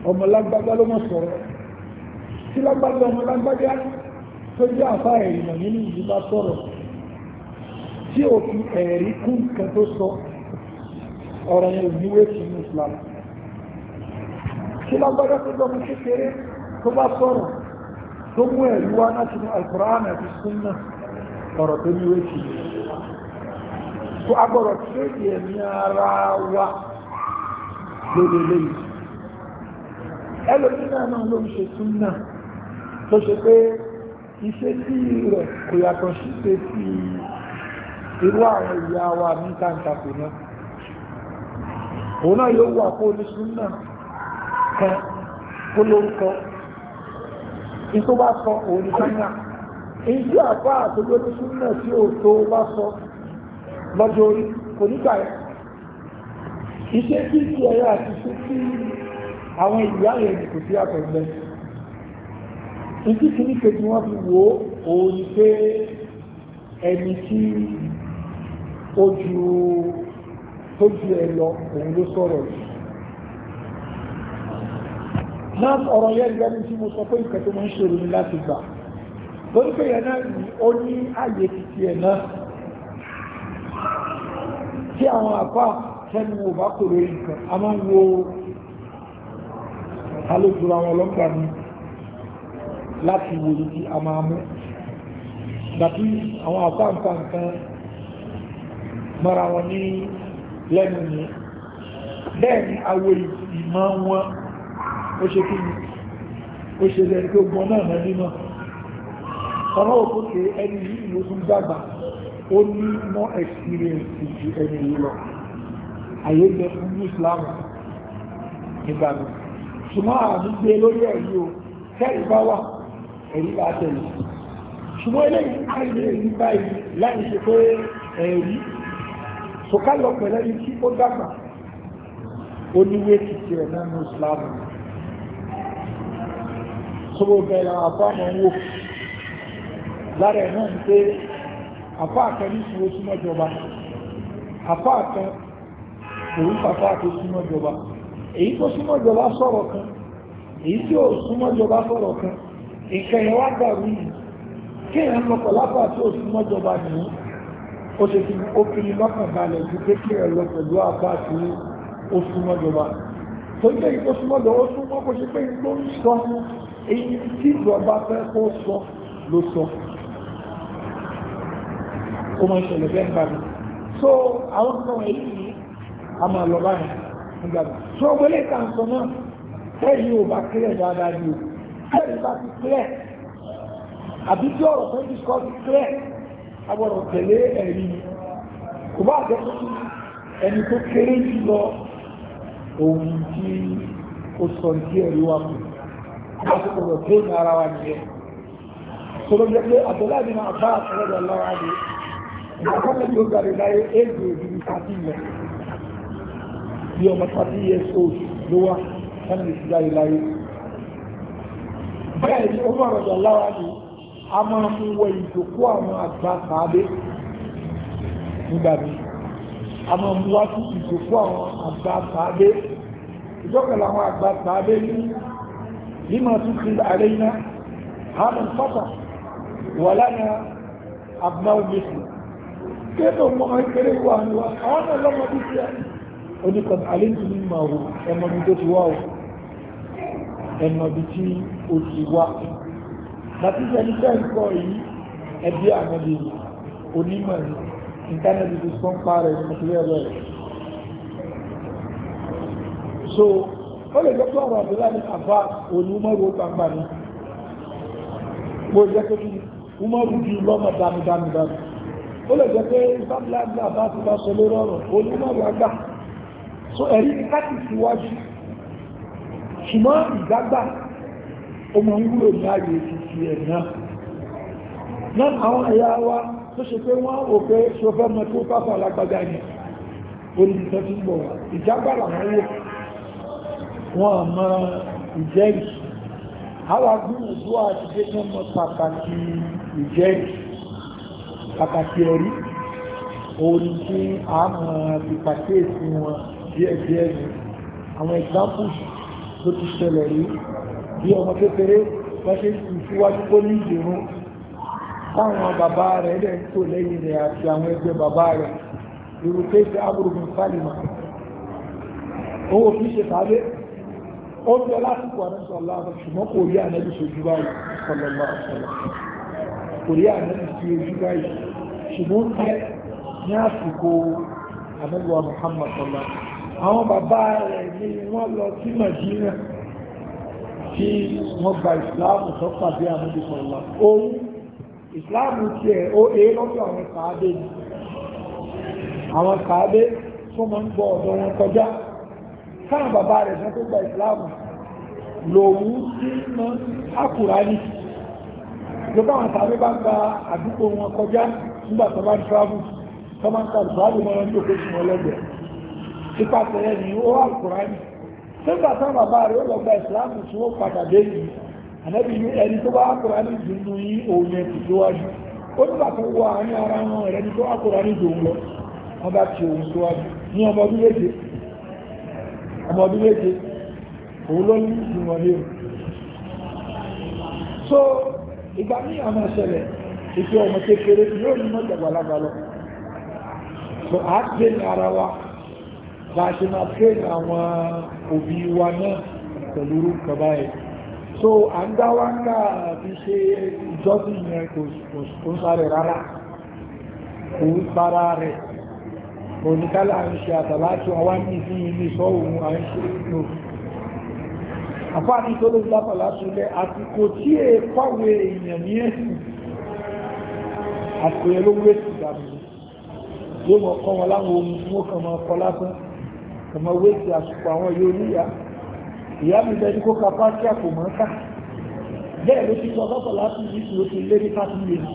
Speaker 1: ọmọ lágbájá ló mọ̀ sọ̀rọ̀ tí lágbàgbà ọmọ lágbàgbà tó jẹ́ àfá èèyàn nínú ìlú bá sọ̀rọ̀ tí ò fi ẹ̀rí kún nǹkan tó sọ ọ̀rọ̀ yẹn òníwé sí ní Islam tí lágbàgbà tó jọ mú kékeré tó bá sọ̀rọ̀ tó mú ẹ̀rí wá láti ní al àti Sunna ọ̀rọ̀ tó níwé sí ní tó agbọ̀rọ̀ tí ó yẹ ní ara wa lóde ẹlòmínà náà ló ń ṣe Sunna tó ṣe pé iṣẹ́ tí rẹ̀ kò yàtọ̀ sí pé tí irú àwọn ìyá wa ní tàǹtàkù náà òun náà yóò wà kó ní súnà kan kó lórúkọ in tó bá sọ òun ní súnà in tí àpá àtòjó ní súnà tí ò tó bá sọ lọ́jọ́ orí kò nígbà ẹ̀ iṣẹ́ tí ìṣẹ́ ẹ̀yà àti iṣẹ́ tí àwọn ìyá rẹ̀ kò sí àtọ̀gbẹ́ ìdí kìíní kejì wọ́n fi wo òun pé ẹni tí ó ju tó ju ẹ lọ òun ló sọ̀rọ̀ yìí náà ọ̀rọ̀ yẹn lẹ́nu tí mo sọ pé ìkẹ́ tó máa ń ṣòro ní láti gbà lórí pé yẹn náà ní ó ní ààyè títí ẹ̀ náà tí àwọn àpá tẹnu wo bá kò lórí nǹkan a máa ń wo alójúra wọn lọ́gbà mi láti wòye tí a máa mú dàbí àwọn àbáǹkà nǹkan mọ́ra wọn ní lẹ́nu ni bẹ́ẹ̀ ni awo ìmọ̀ wọn ó ṣe kí ni ó ṣe lẹ́ni tó gbọ́n náà náà nínú ọ̀nà òkúté ẹni yìí ló tún dàgbà ó ní mọ́ experience ju ẹni yìí lọ àyè bẹ fún Islam nígbà mi ṣùgbọ́n àmì gbé lórí ẹ̀yí o kẹ́rì bá wà ẹ̀rí bá ṣùgbọ́n eléyìí àìlè èyí báyìí láì ṣe pé ẹ̀rí sọ̀kálọ̀ pẹ̀lẹ́ yìí tí ó dàgbà ó níwé kìkì ẹ̀ islamu ní bẹ̀rẹ̀ wò lára ẹ̀ náà ń pé àpá kan ní ìṣòro súnmọ́ ìjọba òun súnmọ́ ìkẹyìn wá dàrú yìí kí èèyàn lọ pẹ̀lú àpá tí ó súnmọ́ jọba nìyí ó ṣe fi obìnrin lọ́kàn balẹ̀ ju pé kí èèyàn lọ pẹ̀lú àpá tí ó súnmọ́ jọba tó ń tẹ́yìn tó súnmọ́ jọba ó súnmọ́ kó ṣe pé ló ń sọ èyí tí ìjọba fẹ́ kó sọ ló sọ ó máa ń ṣẹlẹ̀ bẹ́ẹ̀ bá mi so àwọn kan wọ̀nyí ni a máa lọ báyìí nígbà tó gbélé ìtàn sọ náà tẹ́yìn ò bá kílẹ̀ dáadáa ni o kẹ́rì bá ti clear àbí tí ọ̀rọ̀ tó ń discuss ti clear é tẹ̀lé ẹ̀rí kò bá jẹ́ que tún ẹni tó kéré jù lọ òun tí ó sọ sí ẹ̀rí wa kù láti kọ̀rọ̀ tó ní ara wa nìyẹn tó ló jẹ́ pé ele ni máa bá àtẹ̀lẹ́dọ̀ lọ́wọ́ adé ìgbàkọ́lẹ̀ tó gbàdé láyé éèdè òbí ní pàtí ilẹ̀ bí ọmọ pàtí yẹ sóòtù ló wà sánà ìsìláyé láyé bẹ́ẹ̀ ni Umar radiyallahu anhu a máa ń wọ ìjòkó àwọn àgbà pàdé nígbà mi a máa ń wá sí ìjòkó àwọn àgbà pàdé ìjọkọ̀lá àwọn àgbà ní fata wà lánàá abnáwó méjì kéèdò mọ́ ẹgbẹ̀rẹ̀ ìwà àwọn ọlọ́mọdé sí oníkan alẹ́ ìtumí màá wò mi tó ti wá wò ẹnàbí tí ó ti wá bàtíṣẹ́ ní sẹ́ǹkọ́ yìí ẹbí ànábì onímọ̀ ìntánẹ́bì ti sọ ń parẹ̀ ìpínlẹ̀ rẹ̀ so ó lè gbọ́ ọ̀rọ̀ àbúlá ní àbá onímọ̀rò gbangba ni mo jẹ́ pé kí umaru ju lọ́mọ dámidámi dámi ó lè jẹ́ pé ìfàbílá àbá ti bá sọ lórí ọ̀rọ̀ onímọ̀rò àgbà so ẹ̀rí káàkiri síwájú ṣùgbọ́n ìgbàgbà ó mọ wúlò ní ààyè ìsìsì ẹ̀ náà náà àwọn ẹ̀yà wa tó ṣe pé wọ́n ò pé ṣofẹ́ mọ́ tó pàpà lágbàgbà ni olùsọ tí bọ̀ wá ìjágbà làwọn wò wọ́n mọ ìjẹ́rìí àwọn agbóhùnjú àti gẹ́gẹ́ mọ pàtàkì ìjẹ́rìí pàtàkì a mọ̀ ìpàkíyèsí wọn díẹ̀díẹ̀ ni àwọn examples tó ti ṣẹlẹ̀ rí bí ọmọ kékeré wáṣẹ́ ìfúwájú kó ní ìdìrún táwọn bàbá rẹ̀ lẹ́ tó lẹ́yìn rẹ̀ àti àwọn ẹgbẹ́ bàbá rẹ̀ irú kéèsì abúrúgbìn fálìmà owó kìí ṣe tàbí ó ń bẹ lásìkò àrẹ́sọ̀lá rẹ̀ ṣùgbọ́n kò rí ànẹ́bì sojú báyìí sọlọ́lá ọ̀sọ̀lá kò rí ànẹ́bì sí ojú báyìí ṣùgbọ́n tẹ́ ní àsìkò àwọn bàbá rẹ̀ ní wọ́n lọ sí Màdínà tí wọ́n gba ìsìláàmù tó pàdé àmúdí sọ̀rọ̀lá ohun ìsìláàmù tí ẹ̀ ó èé lọ́dọ̀ àwọn kàábé ni àwọn kàábé tó máa ń gbọ́ ọ̀dọ̀ wọn kọjá káà bàbá rẹ̀ sọ tó gba ìsìláàmù lòun tí máa ń ákùrá ní ló bá àwọn kàábé bá gba àdúgbò wọn kọjá nígbà tó bá ń travel tó máa ń ka ìsìláàmù mọ́ wọn nípasẹ̀ rẹ̀ ni ó àkùránì nígbà bàbá rẹ̀ ó lọ gba tí ó padà dé yìí ní ẹni tó bá àkùránì jù nínú yín òun yẹn ka ụwa ó nígbà tó wọ àárín ara wọn rẹ̀ ni tó lọ wọn bá ti òun ní ọmọ ọdún méje ọmọ ọdún méje òun bá ṣe máa train àwọn òbí wa náà pẹ̀lú orúkọ báyìí so à ń dá wá ká fi ṣe ìjọsìn yẹn kò ń sáré rárá kò ń para rẹ̀ oníkálà ń ṣe àtàlá tí wọ́n wá ní ìsinyìí ní sọ òun à ń ṣe ìlú àfáàní tó ló lápàlá súnlẹ̀ àsìkò tí è pàwẹ̀ èèyàn ní ẹ̀sìn àsìkò yẹn ló wé yóò mọ̀ kọ́ wọn láwọn ohun tí wọ́n kàn máa kọ lásán kàmọ́ wéèkì àsùpọ̀ àwọn yóò níyà ìyá mi bẹ́ẹ̀ ní kó ka pàṣẹ àpò mọ́ ká bẹ́ẹ̀ ló ti sọ lọ́pọ̀ láti ní ìṣòro ti lé ní pàṣẹ lè ní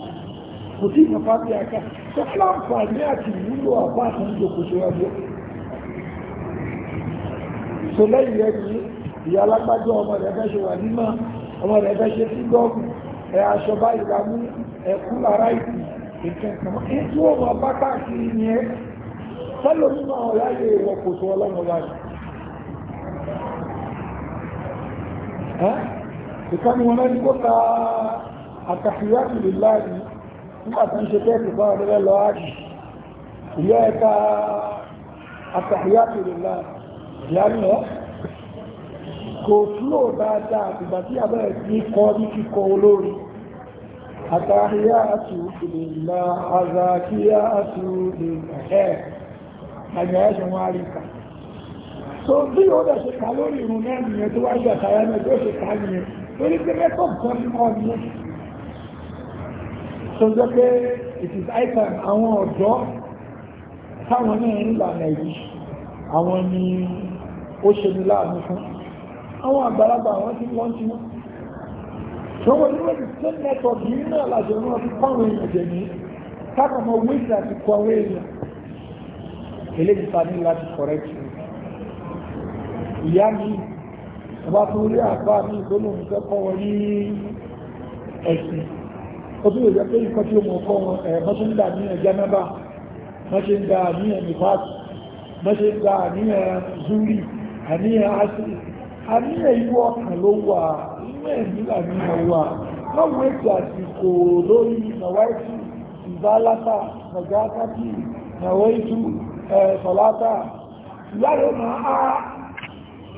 Speaker 1: kò tí ìmọ̀ pàṣẹ àká tó kí láǹfà ní àti ìwúlò àpá àti ìjòkó ṣe wájú so lẹ́yìn rẹ̀ ní ìyá alágbájọ́ ọmọ rẹ̀ fẹ́ ṣe wà nímọ̀ ọmọ rẹ̀ fẹ́ ṣe sí gọ́ọ̀mù ẹ̀ aṣọ báyìí la mú ẹ̀kú lára ìtì ìkẹ́kọ̀ọ́ sọ́lọ́ nínú àwọn láyé wọn kò sọ ọlọ́run wá ní. ìkànnì wọn lẹ́nu kó ta àtàkìyà ìlú láàyè nígbà tó ń ṣe tẹ́ẹ̀kì bá ọ̀rẹ́ lọ ájì ìyá ẹ̀ka àtàkìyà ìlú láàyè ìyá ni ọ́ kò fúlò dáadáa àtìgbà tí a bẹ̀rẹ̀ kọ́ ní kíkọ olórin àtàkìyà àti òkèlè ìlà àgbẹ̀ẹ́ṣẹ̀ wọn àríkà so bí ó dẹ̀ ṣe ká lórí ìrùn náà nìyẹn tó wá ìgbà sáyá náà tó ṣe ká nìyẹn lórí pé mẹ́tọ̀bù kan ní kọ́ ni so jẹ́ pé it is high time àwọn ọ̀dọ́ táwọn náà ń lànà yìí àwọn ni ó ṣe ní láàánú fún àwọn àgbàlagbà àwọn tí wọ́n ti wọ́n ṣọwọ́ níwọ̀n ti tẹ́ mẹ́tọ̀bù yìí náà làṣẹ wọn fi kọ́ àwọn èèyàn jẹ̀ ní káàkiri wíṣà ti kọ́ àwọn èèyàn eléyìí ta ní láti correct you ìyá mi ọba tó rí àgbà mi ìgbóhùn fẹ́ kọ́ wọn ní ẹ̀sìn ó tún lè jẹ́ pé nǹkan tí ó mọ̀ kọ́ wọn ẹ̀ mọ́ tó ń dà ní ẹ̀jẹ̀ mẹ́bà mọ́ ṣe ń dà ní ẹ̀mí pàtó mọ́ ṣe ń dà ní ẹ̀ zúrì àníyàn àṣírí àníyàn ìwọ ọkàn ló wà inú ẹ̀mí làníyàn wà lọ́wọ́ ètò àsìkò lórí nàwáìtú ìbálátà nàgátàbí nàwáìtú sọ̀látà láyé máa á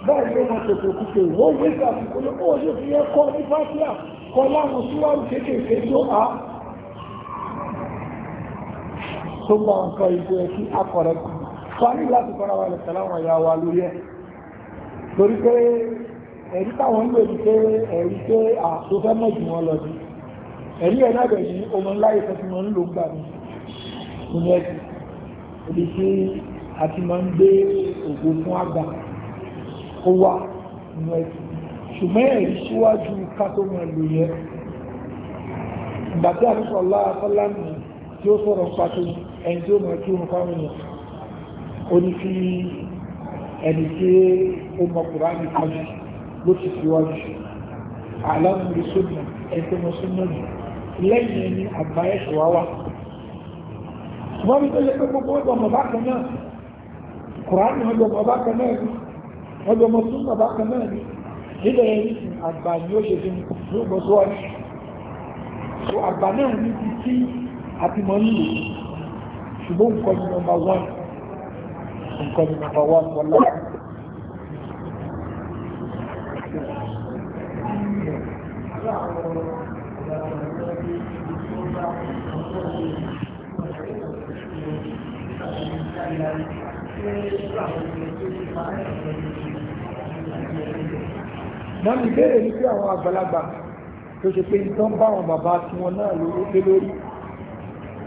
Speaker 1: bẹ́ẹ̀ ló mọ̀ tètè kúkè wó wíkà kúkúlé ó ṣe fi yẹ kọ́ ní fásíà kọ́ láwọn síwájú kéékèèké tó á tó gba nǹkan ìgbé ẹ̀kí akọ̀rẹ́kù fún àní láti fọ́nà wà lẹ̀tẹ̀ láwọn ìyá wa lórí ẹ̀ torí pé ẹ̀rí táwọn ń lò ní pé ẹ̀rí pé àtò fẹ́ mọ̀ jù wọn lọ sí ẹ̀rí ẹ̀ náà bẹ̀ ní ọmọ ńlá ìfẹ́ tí wọ́n ń lò gbà mí ìyẹn ibi tí a ti máa ń gbé ògbó fún àgbà kó wá nínú ẹ̀sìn ṣùgbọ́n ẹ̀rí síwájú ká tó mọ̀ lò yẹ ìgbà tí a nípa ọláàfọ́lá nù tí ó sọ̀rọ̀ pàtó ẹni tí ó mọ̀ kí òun fáwọn èèyàn ó ní fi ẹni tí ó mọ̀ kùránì kájú ló ti síwájú àlámùrí sódì ẹni tó mọ̀ lẹ́yìn ẹni àbáyẹ̀ṣẹ̀ wá wá ṣùgbọ́n bí tó yẹ pé gbogbo ọjọ́ ọmọ bákan náà kùránì ọjọ́ ọmọ bákan náà ni ọjọ́ ọmọ tún ọmọ bákan náà ni nílẹ̀ àgbà ni ó ṣe fi yóò bọ́ sọ́ọ́ ni so àgbà náà ní ti tí àti mọ́ nílò ṣùgbọ́n nǹkan ni nọmba one nǹkan ni nọmba one wọlé.
Speaker 2: Thank you náà ní
Speaker 1: ìbéèrè ní pé àwọn àgbàlagbà tó ṣe pé nǹkan bá àwọn bàbá tí wọn náà ló lé lórí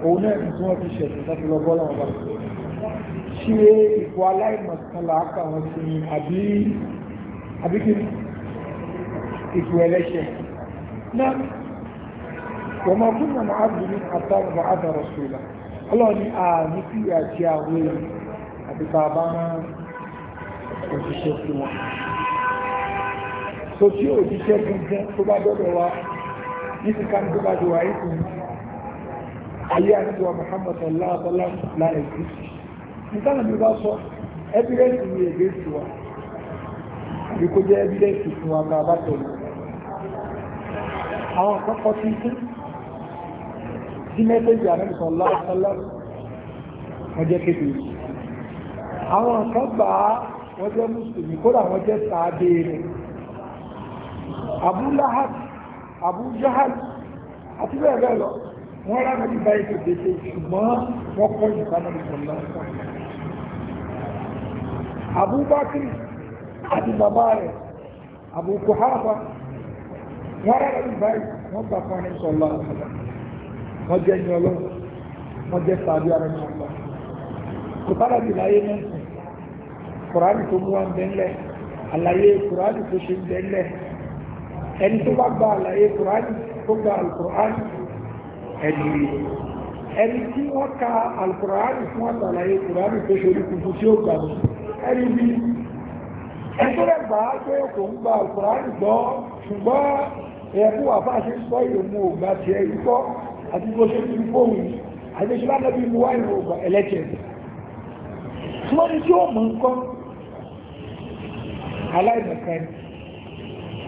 Speaker 1: òun náà ní tí wọn fi ṣẹ̀sìn láti lọ bọ́lá wọn bá ṣe ìfọ aláìmọ̀kan làákà wọn sí ni àbí àbí ẹlẹ́ṣẹ̀ ọlọ́ni ààrùn sí àti àwọn èrò àti bàbá òṣìṣẹ́ sí wọn so tí òṣìṣẹ́ gẹ́gẹ́ tó bá dọ́dọ̀ wa ní ti ká ní tó bá dọ̀ wá ìsìn ayé àtijọ́ Muhammad aláàbọ̀lá láàrín nítorí mi bá sọ ẹbírẹ́sì ni èdè sí wa àbí kó jẹ́ ẹbírẹ́sì fún wa bá bá tẹ̀lé àwọn àkọ́kọ́ tuntun bí mẹ́sẹ̀jì àrẹ́sọ̀ lọ́wọ́sọ́lọ́ wọ́n jẹ́ kéde àwọn kan gbà á wọ́n jẹ́ mùsùlùmí kódà wọ́n jẹ́ sàádé rẹ̀ Abu Lahab Abu Jahal àti bẹ́ẹ̀ bẹ́ẹ̀ lọ wọ́n rá nàbí báyìí tó dédé ṣùgbọ́n wọ́n kọ́ ìbánàbí sọ̀lá Abu Bakri àti bàbá rẹ̀ Abu Kuhafa wọ́n rá nàbí báyìí wọ́n gbà fún ẹni sọ̀lá ọ̀sọ̀lá wọ́n jẹ́ ní ọlọ́run wọ́n jẹ́ sàbí ara ní ọ̀pá kò sára bí láyé náà sùn kùránì tó mú wa ń bẹ́ńlẹ̀ àlàyé kùránì tó ṣe ń bẹ́ńlẹ̀ ẹni tó bá gba àlàyé kùránì tó gba àlùkùránì ẹni ẹni tí wọ́n ka àlùkùránì fún àtàlàyé kùránì tó ṣe orí tuntun tí ó ẹni bí ẹgbẹ́rẹ́ gbà á pé kò ń gba àlùkùránì gbọ́ ṣùgbọ́n ẹ̀kú àfáà ṣe ń sọ ìrònú ògbà tiẹ̀ yìí kọ́ àti bó ṣe ti fóònù yìí àìdíṣẹ́ lánàbí mú wá ìrìn ògbà ẹlẹ́jẹ̀ tí wọ́n ní tí ó mọ̀ ń kọ́ aláìmọ̀kan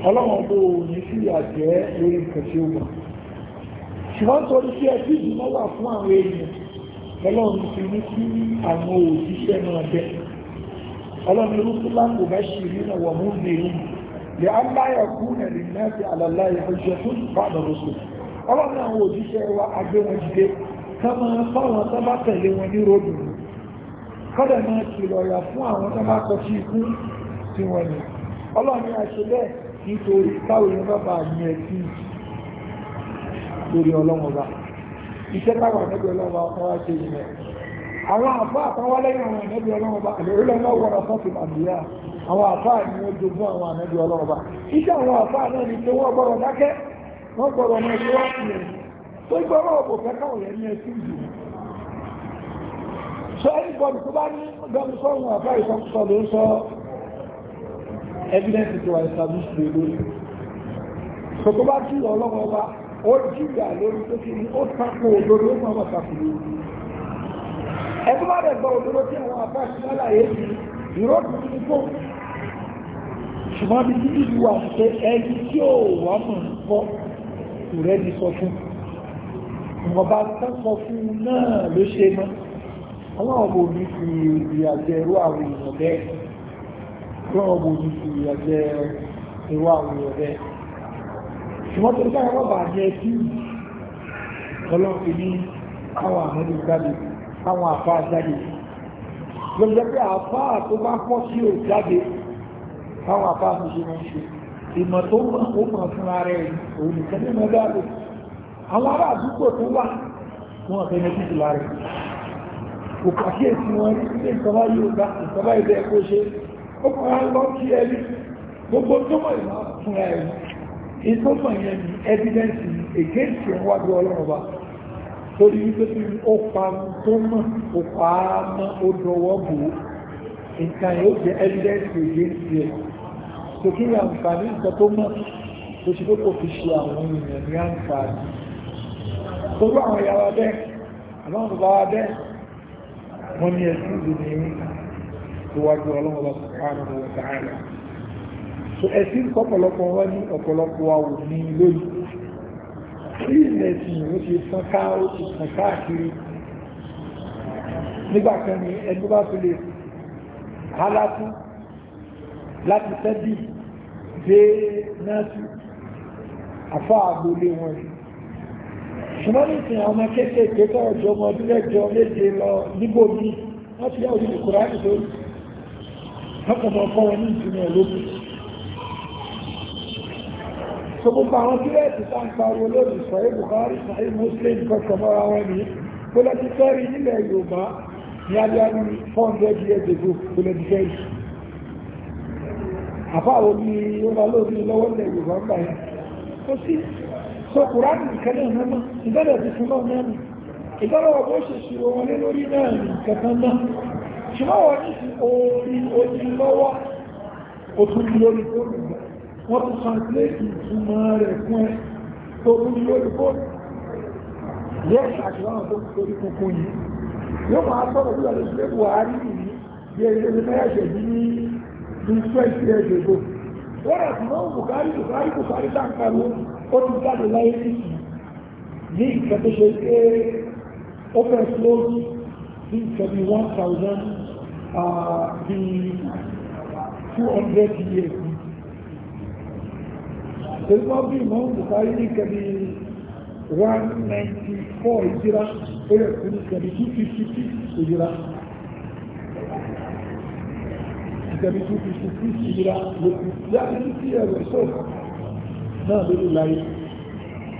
Speaker 1: ọlọ́wọ́n bó ní sí àjẹ́ lórí nǹkan tí ó mọ̀ ṣùgbọ́n torí sí ẹbí ìdùnnọ́ wà fún àwọn èèyàn ọlọ́run ti ní kí àwọn òṣìṣẹ́ náà bẹ ọlọ́run irúfú lápò bá ṣì rí náà wọ̀ mú bèrè lè á láyà kú nàìjíríà àlàláyà ọjọ́ tó bá àdàrọ̀ sọ̀rọ̀ ọlọ́run àwọn òjíṣẹ́ wa agbé wọn máa fáwọn tó bá tẹ̀lé wọn ní ròdù kọ́dẹ̀ máa kìlọ̀ yà fún àwọn tó bá kọ̀ ikú tí wọ́n ní ọlọ́run àṣẹ bẹ́ẹ̀ nítorí èèyàn lórí ọlọ́run ọba iṣẹ́ táwọn ọlọ́run ọba wá ṣe ìmẹ̀ àwọn àfá àtàwọn lẹ́yìn àwọn ànẹ́bí ọlọ́run ọba àlèrílẹ̀ náà wọ́n ra sọ́ọ̀tì àwọn àfá ni wọ́n jogún àwọn ànẹ́bí ọlọ́run ọba iṣẹ́ àwọn wọ́n gbọ́dọ̀ ọmọ ẹgbẹ́ wá sí ẹ̀ tó gbọ́dọ̀ ọ̀pọ̀ fẹ́ káwọn yẹn ní ẹsẹ̀ ìjù so anybody tó bá ní gbọ́dọ̀ sọ́run àbá ìsọ́kùsọ ló ń sọ evidence to establish the lórí so tó bá jùlọ ọlọ́wọ́ wa ó jùlọ lórí tó ti ní ó tako olóró ó máa wà tako lórí ẹgbẹ́ bá rẹ̀ gbọ́ olóró tí àwọn àbá ìsọ́lá yẹn ti ìrọ́ ṣùgbọ́n bí títí wà pé ẹni tí ó wà mọ̀ ń kò rẹ́ni sọ fún ìwọ̀nba tán sọ fún náà ló ṣe mọ́ ọlọ́run bò ní fi ìyàjẹ irú àwọn èèyàn bẹ́ẹ̀ ọlọ́run bò ní fi ìyàjẹ irú àwọn èèyàn bẹ́ẹ̀ ṣùgbọ́n tó dára wọ́n bà jẹ́ sí ọlọ́run fi ní àwọn àmọ́lù jáde àwọn àfa jáde lọ́jọ́ pé àfa tó bá pọ̀ sí ò jáde àwọn àfa mi ṣe máa ń ṣe ìmọ̀ tó mọ̀ fún ara ẹ̀ òun àwọn ará àdúgbò tó wà wọn fẹ́ ní títí lára kò pàkíyèsí wọn ní ìsọ́bá yóò dá ìsọ́bá ìbẹ́ kó ṣe ó kọ́ ra gbogbo tó mọ̀ ìmọ̀ evidence against ẹ̀ wájú ọlọ́run wa torí wípé tí ó pa tó mọ̀ ó pa á evidence against ẹ̀ tó kí àǹfààní nǹkan tó mọ̀ tó ṣe pé kò fi ṣe àwọn èèyàn ní àǹfààní tó rú àwọn ìyàwó abẹ́ àbáwọn bàbá abẹ́ wọ́n ní ẹ̀sìn ìdè ní wọ́n ní ọ̀pọ̀lọpọ̀ àwò ní lóyìí tí ilẹ̀ ẹ̀sìn ó bá fi lè hálákú láti tẹ́bí dé nọ́ọ̀sì àfá àgbòlé wọn rí ṣùgbọ́n ní ìsìn àwọn akékèké tó ọjọ́ ọmọ ọdún lẹ́jọ méje lọ níbò ní wọ́n ti yá òní ìkùrá nítorí lọ́pọ̀ mọ́ fọ́ wọn ní ìjìnà olóbi so gbogbo àwọn tíwẹ́ẹ̀tì tá ń pariwo lónìí sọ̀rọ̀ Bukhari sọ̀rọ̀ Muslim kọ̀ọ̀kan mọ́ra wọn ní kólẹ́tì sọ́rí nílẹ̀ Yorùbá ní alẹ́ 400 years ago kólẹ́tì sẹ́yìn àfáàwò ní ọba lóòrí lọ́wọ́ ilẹ̀ yorùbá ń báyìí ó sì sọ kùránì ìkẹlẹ̀ mẹ́mọ́ ìbẹ̀rẹ̀ ti fún náà mẹ́rin ìbẹ̀rẹ̀ wọ́n bó ṣe ṣìrò wọn lé lórí náà ní kẹta náà ṣùgbọ́n wọ́n ní sí orí ojú lọ́wọ́ ó tún ní lórí fóònù wọ́n tún translate ìtumọ̀ rẹ̀ fún ẹ tó tún ní lórí fóònù yẹ́sì àti láwọn tó kú lórí kúnkún yìí yóò ní twenty years ago wọ́n rà tìmọ́ bùkárí bùkárí bùkárí dáńkàrú ó ti jáde láyé nìyí ní nǹkan tó ṣe pé ó fẹ́ close ní nǹkan bí one thousand bí two hundred years èyí wọ́n bí ìmọ̀ bùkárí ní nǹkan bí one ó yẹ kó ní nǹkan bí two ìtẹ̀bí tó fi ṣe sí ìṣìlá lókù yàtọ̀ sí sí ẹ̀rọ ìṣòro náà lórí láyé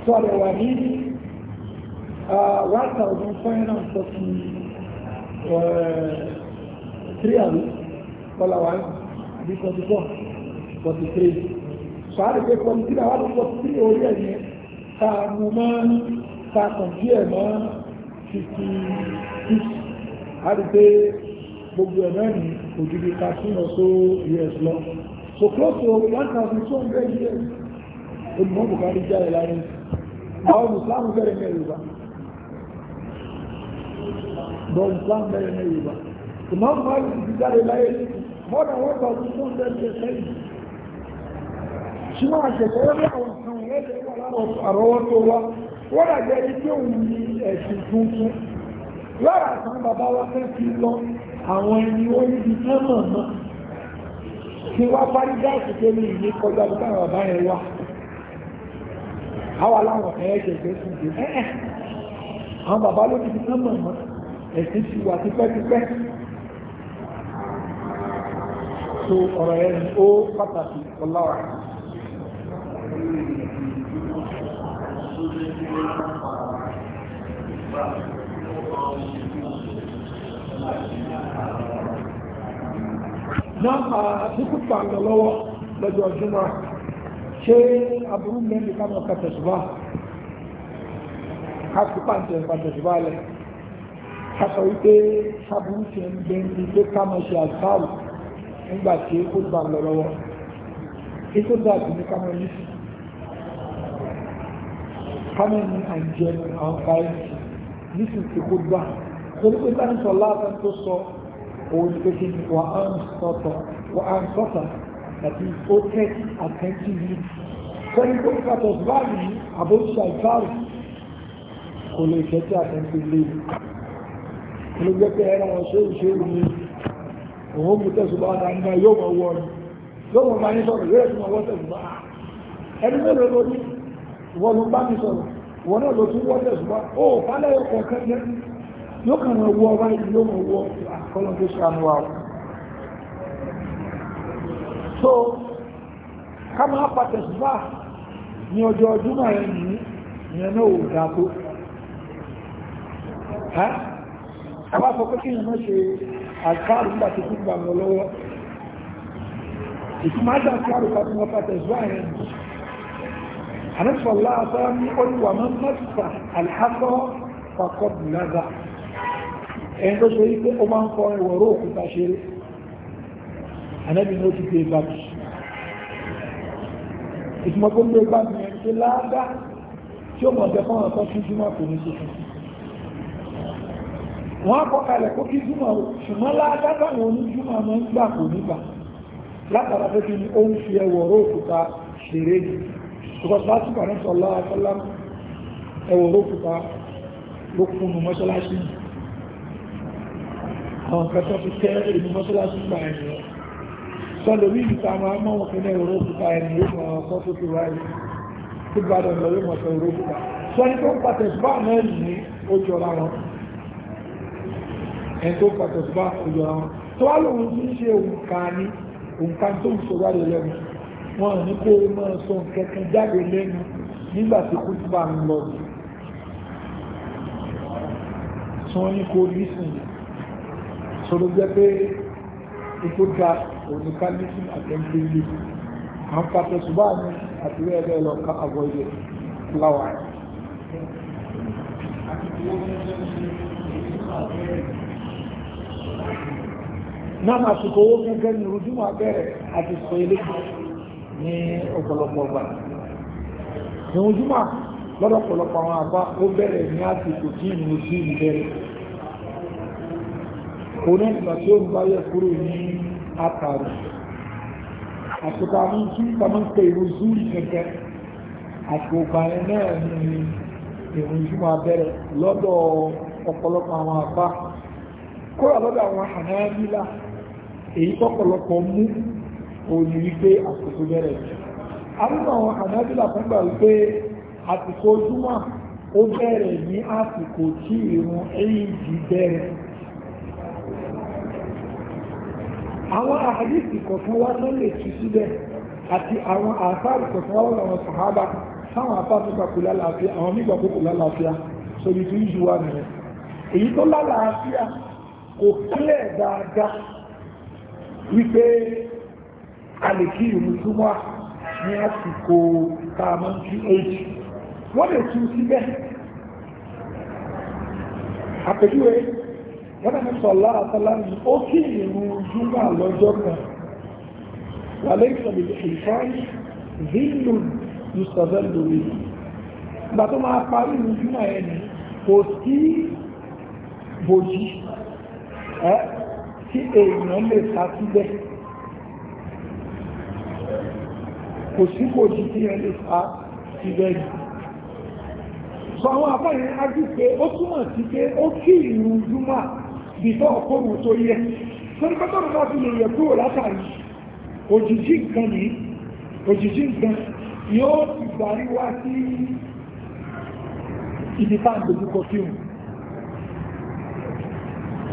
Speaker 1: tó a lè wà ní one thousand five hundred and forty uh, three àbí kọlá wa àbí forty four àwọn àti forty orí ẹ̀ yẹn ká mú mọ́ ká kàn díẹ̀ mọ́ fifty six a lè pe gbogbo ẹ̀ náà ní òjìdí thirteen or so years lọ so close to one thousand two hundred years olùmọ̀ bùkárí jáde láyé àwọn mùsùlùmí bẹ̀rẹ̀ ní yorùbá bọ́ọ̀lù mùsùlùmí bẹ̀rẹ̀ ní yorùbá ìmọ̀ bùkárí ti jáde láyé more than one thousand two hundred years lẹ́yìn ṣùgbọ́n àṣẹ̀kọ́ wọ́n ní àwọn kan lẹ́sẹ̀ wà lára àrọ́wọ́tó wa wọ́n dàgbẹ́ ẹni tí òun ní ẹ̀sìn tuntun lára àtàwọn bàbá wa fẹ́ fi lọ àwọn ẹni ó níbi tẹ́mọ̀ náà tí wá parí gáàsì pé ní ìní kọjá bí táwọn bàbá yẹn wà àwa láwọn ẹ̀ẹ́ jẹ̀jẹ̀ fún mi ẹ̀ẹ́ àwọn bàbá ló níbi tẹ́mọ̀ náà ẹ̀sìn ti wà tipẹ́tipẹ́ so ọ̀rọ̀ yẹn ó pàtàkì ọláwà.
Speaker 2: Thank you.
Speaker 1: na àtúkùtù àgbà lọ́wọ́ lọ́jọ́ ọjọ́mọ́ ṣe aburú mẹ́rin ká mọ̀ kàtẹ̀sùbá kásùpá ń tẹ̀ kàtẹ̀sùbá lẹ̀ wípé sábúrú ti ń bẹ ní pé ká mọ̀ ṣe àgbáwò nígbà tí ó gbà lọ ètò dàbí ní ká sí ká ní torí pé sáà ń sọ láàbẹ̀ tó sọ òun ti pèsè wà á ń sọ̀tọ̀ wà á ń sọ̀tọ̀ àti ó tẹ́ àtẹ́ntìlì sẹ́ni tó ń pàtó báyìí àbóṣà ìbáàrù kò lè jẹ́ tí àtẹ́ntìlì kò lè jẹ́ pé ẹ̀rọ wọn ṣé ìṣèlú ni òun mú tẹ̀sùbá ọ̀dà ń bá yóò mọ̀ wọ́ ni yóò mọ̀ bá ní sọ̀rọ̀ yóò tún wọ́ tẹ̀sùbá ẹni mélòó ló ní wọ́n ló bá ní sọ̀rọ̀ wọ́n náà ló tún wọ́ tẹ̀sùbá ó fálẹ̀ ọkọ̀ kẹ́kẹ́ yóò kàn wọ́n wọ́ wáyé yóò mọ̀ wọ́ àkọlọ́ tó ṣàánú wa so ká máa pàtẹ síbá ní ọjọ́ ọdún náà rẹ̀ ní ìyẹn náà ò dá tó ẹ bá sọ pé kí ìyẹn ṣe àkáàrù nígbà tó fún gbàmọ̀ lọ́wọ́ ìtumọ̀ àti àkáàrù ká fún ọpàtẹ síbá rẹ̀ ní àníṣọ́lá àtàrà ní olùwàmọ́ mẹ́ta àlhásọ́ fàkọ́ bùlágà ẹni tó ṣe wípé ó máa ń kọ ìwọ̀ró òkúta ṣeré ànábì ní ó ti gbé e báàgì ìtumọ̀ tó ń gbé e báàgì yẹn ṣe láàdá tí ó mọ̀ ọ̀dẹ́ fún ọ̀tọ́ sí júmọ̀ kò ní ṣe wọ́n á kọ́ kalẹ̀ kó kí júmọ̀ ṣùgbọ́n láàdá táwọn oníjúmọ̀ máa ń gbà kò ní gbà látara pé kí ni ó ń fi ẹwọ̀ró òkúta ṣeré ni ṣùgbọ́n lásìkò àrẹ́sọ̀lá ẹwọ̀ró òkúta ló àwọn kẹtọ́ fi tẹ́ ìlú mọ́sálásí gba ènìyàn sọlọ́bí ìta máa mọ́ wọn kẹ́lẹ́ òrókùta ènìyàn mọ́ ọkọ́ tó ti wáyé tó gbádọ̀ lọ yóò mọ̀ sọ òrókùta sọ́ni tó ń pàtẹ́ bá náà ní ojú ọ̀la wọn ẹni tó pàtẹ́ bá ojú ọ̀la wọn tó wá lóun tí ń ṣe òǹkà ní òǹkà tó ń sọ̀rọ̀ lẹ́nu wọn ní kó o máa sọ kẹ̀kẹ́ jáde lẹ́nu nígbà tí kú ń lọ sí ní kó o lísìn yìí sọ̀rọ̀ jẹ́ pé ikú da oníkálísì àtẹ́ńtì ilé àwọn pàtó ṣùgbọ́n àmì àti rẹ̀ bẹ́ẹ̀ lọ ká àbọ̀ ilé fúláwà. náà àsìkò owó gẹ́gẹ́ ní rúdúmọ̀ abẹ́rẹ̀ àti sọ ilé ní ọ̀pọ̀lọpọ̀ ọgbà ìrùjúmọ̀ lọ́dọ̀pọ̀lọpọ̀ àwọn àbá ó bẹ̀rẹ̀ ní àsìkò tí ìrùjú ìbẹ̀rẹ̀ kò ní ìgbà tí ó ń bá yẹ kúrò ní àtàrí àtúkà ní kí tamọ́ pé ìrújú ìkẹ̀kẹ́ àtòkà ẹ̀ náà ní ìrújú máa bẹ̀rẹ̀ lọ́dọ̀ ọ̀pọ̀lọpọ̀ àwọn àbá kóra lọ́dọ̀ àwọn àhánáyílá èyí tọ́pọ̀lọpọ̀ mú òní wípé àkókò bẹ̀rẹ̀ àrùn àwọn àhánáyílá fúngbà wípé àtìkò ojúmọ́ ó bẹ̀rẹ̀ ní àsìkò tí ìrun èyí bẹ̀rẹ̀ àwọn àdìsí kọ̀ọ̀kan wá tó lè tù síbẹ̀ àti àwọn àfáàrí kọ̀ọ̀kan wá wọ́n àwọn sàhábà táwọn afáàtúkà kò lálàáfíà àwọn mígbà kò kò lálàáfíà sórí tó yíjú wà nìyẹn èyí tó lálàáfíà kò kílẹ̀ dáadáa wípé a lè kí ìrù túmọ̀ ní àsìkò tààmù tí èjì wọ́n lè tù síbẹ̀ àpèjúwe wọ́n ní sọ̀lá àtàlámi ó kí ìrun júmọ́ lọ́jọ́ kan wà lẹ́yìn ìfáàní zílù ìsọ̀bẹ̀ lórí ìgbà tó máa parí ìrun júmọ́ ẹni kò sí bòjì ẹ́ tí èèyàn lè sá síbẹ̀ kò sí bòjì tí ẹ lè sá síbẹ̀ yìí sọ àwọn afáyẹn á pé ó túmọ̀ sí pé ó kí ìrun júmọ́ before kóòrùn tó yẹ torí pẹ́tọ́rù bá fi lè yẹ kúrò látàrí òjìjí nǹkan ní òjìjí nǹkan yóò ti gbàrí wá sí ibi tá à ń dojúkọ sí òun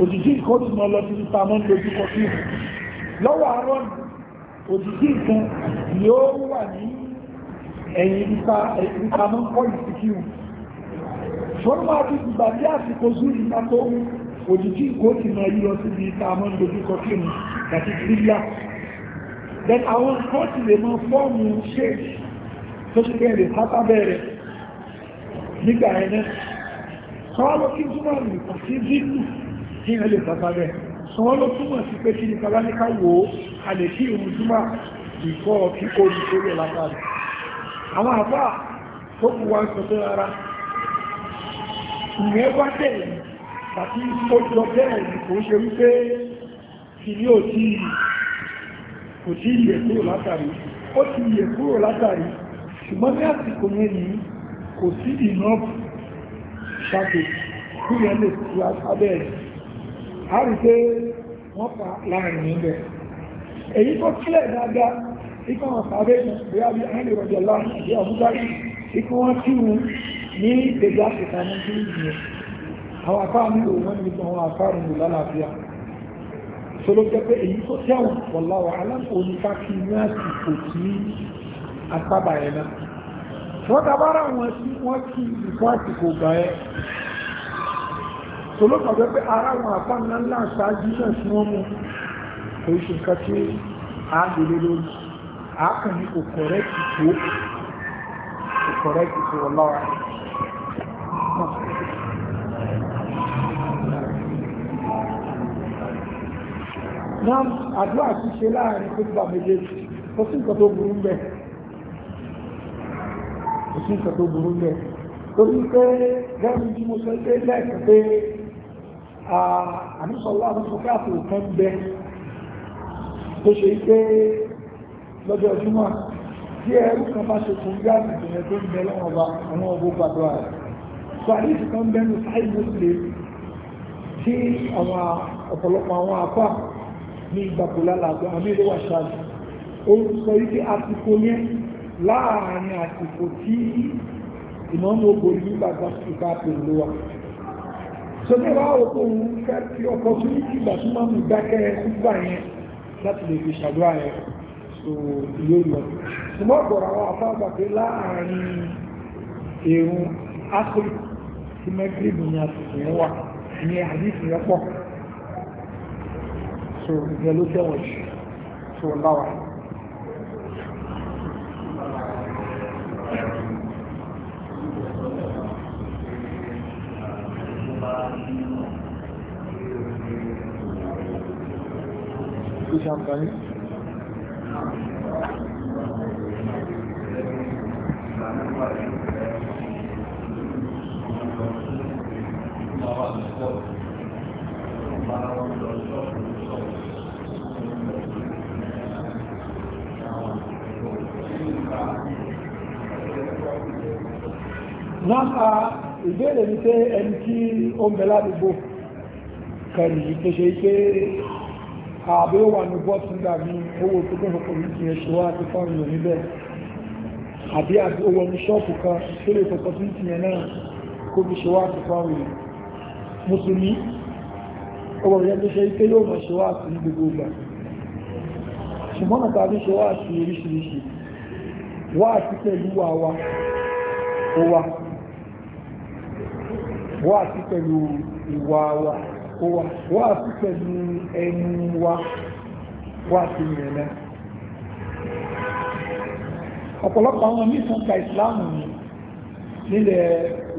Speaker 1: òjìjí nǹkan tó mọ lọ sí ibi tá à ń dojúkọ sí òun lọ́wọ́ àárọ̀ òjìjí nǹkan yóò wà ní ẹ̀yìn ìta mọ́ kọ́ ìsìnkí òun ṣọ́nà òjìjí ìkó ti máa yílọ síbi ìta àmọ́ ìdójúkọ kí mú àti kírílá then àwọn nǹkan ti lè máa fọ́ọ̀mù ṣe tó ṣe bẹ̀rẹ̀ pátá bẹ̀rẹ̀ nígbà ẹ̀nẹ́ sọ́ọ́lọ́ kí túmọ̀ lè pàtí jíjù kí ẹ lè pátá bẹ̀rẹ̀ sọ́ọ́lọ́ túmọ̀ sí pé kí ní kaláníká wo a lè kí ìrùn túmọ̀ ìkọ́ kíkó ní tó lè àwọn àbá tó kù wá ń sọ tó rárá ìyẹn wá tẹ̀lé tàbí tó bẹ́ẹ̀ kò ṣe wípé kì ní ò tí kò tí ìyẹ̀ kúrò látàrí ó ti ìyẹ̀ kúrò látàrí ṣùgbọ́n ní àsìkò yẹn ni kò sí ìná ṣàtò kí yẹn lè fi abẹ́ rẹ̀ a rí pé wọ́n pa láàrin ibẹ̀ èyí tó kílẹ̀ dáadáa ikọ̀ wọn pàdé bí a bí a lè rọ̀jẹ̀ láàrin àbí àbúgbárí ikọ̀ wọn kírun ní ìgbèjà ìtànà àwọn afáà ní òun wọ́n ní àwọn afáà rìn ní lálàáfíà sọlọ jẹ́ pé èyí tó tí àwọn wọ̀láwà aláǹkóníká kí ní àsìkò tí asábà ẹ̀ náà wọ́n tabára wọn sí wọ́n kí ìfún àsìkò gbà ẹ́ sọlọ kan jẹ́ ara wọn afáà ṣáájú náà tí wọ́n mú oríṣi nǹkan tí a lè lórí àákànní tó kò kọ̀rẹ́kì tó wọ̀láwà náà àdúrà ti ṣe láàrin kútùbà méjèèjì kò sí nǹkan tó burú bẹ́ẹ̀ kò sí nǹkan tó burú bẹ́ẹ̀ torí pé gẹ́gẹ́ bí mo sọ pé lẹ́ẹ̀kan pé àmúṣọlá àmúṣọfẹ́ àtòkù kan bẹ tó ṣe pé lọ́jọ́ ọdúnmọ́ tí ẹrú kan bá ṣe fún gáàsì ìpìnlẹ̀ tó ń bẹ lọ́wọ́ bá àwọn ọgbó gbàdọ́ rẹ̀ tó àdéhùn kan bẹ́nu sáì muslim tí àwọn ọ̀pọ̀lọpọ̀ àwọn apá ní ìgbàpò lálàgbà amílò wà ṣáàjú ó sọ wípé àsìkò yẹn láàárín àsìkò tí ìmọ̀mù obòrí nígbà gbàsìkò àpèlò wa so ní wàá wò fún un fẹ́ fi ọkọ̀ tó ní ìgbà tó máa mú dákẹ́ gbígbà yẹn láti lè fi ṣàdúrà yẹn so ìyẹn ló tẹ̀wọ̀n jù so ń wa. Thank ìbéèrè ní pé ẹni tí ó ń bẹ ládùúgbò kẹrì tó ṣe pé ààbí ó wà ní bọ́ọ̀tún dàbí owó tó gbọ́nà kò ní ìyẹn ṣe wá àti fọ́ọ̀rùn lò níbẹ̀ àbí àti owó ní ṣọ́ọ̀pù kan tó lè fọ́pọ̀ tó ń tìyẹn náà kó fi ṣe wá àti fọ́ọ̀rùn lò mùsùlùmí owó ìyẹn tó ṣe pé yóò mọ̀ ṣe wá àti ní gbogbo ìgbà ṣùgbọ́n àtàbí ṣe wá pẹ̀lú wa ó wà wá sí pẹ̀lú ìwà wa ó wà wá sí pẹ̀lú ẹnu wa wá sí ìrìn ọ̀pọ̀lọpọ̀ àwọn mísàn ìsìláàmù nílẹ̀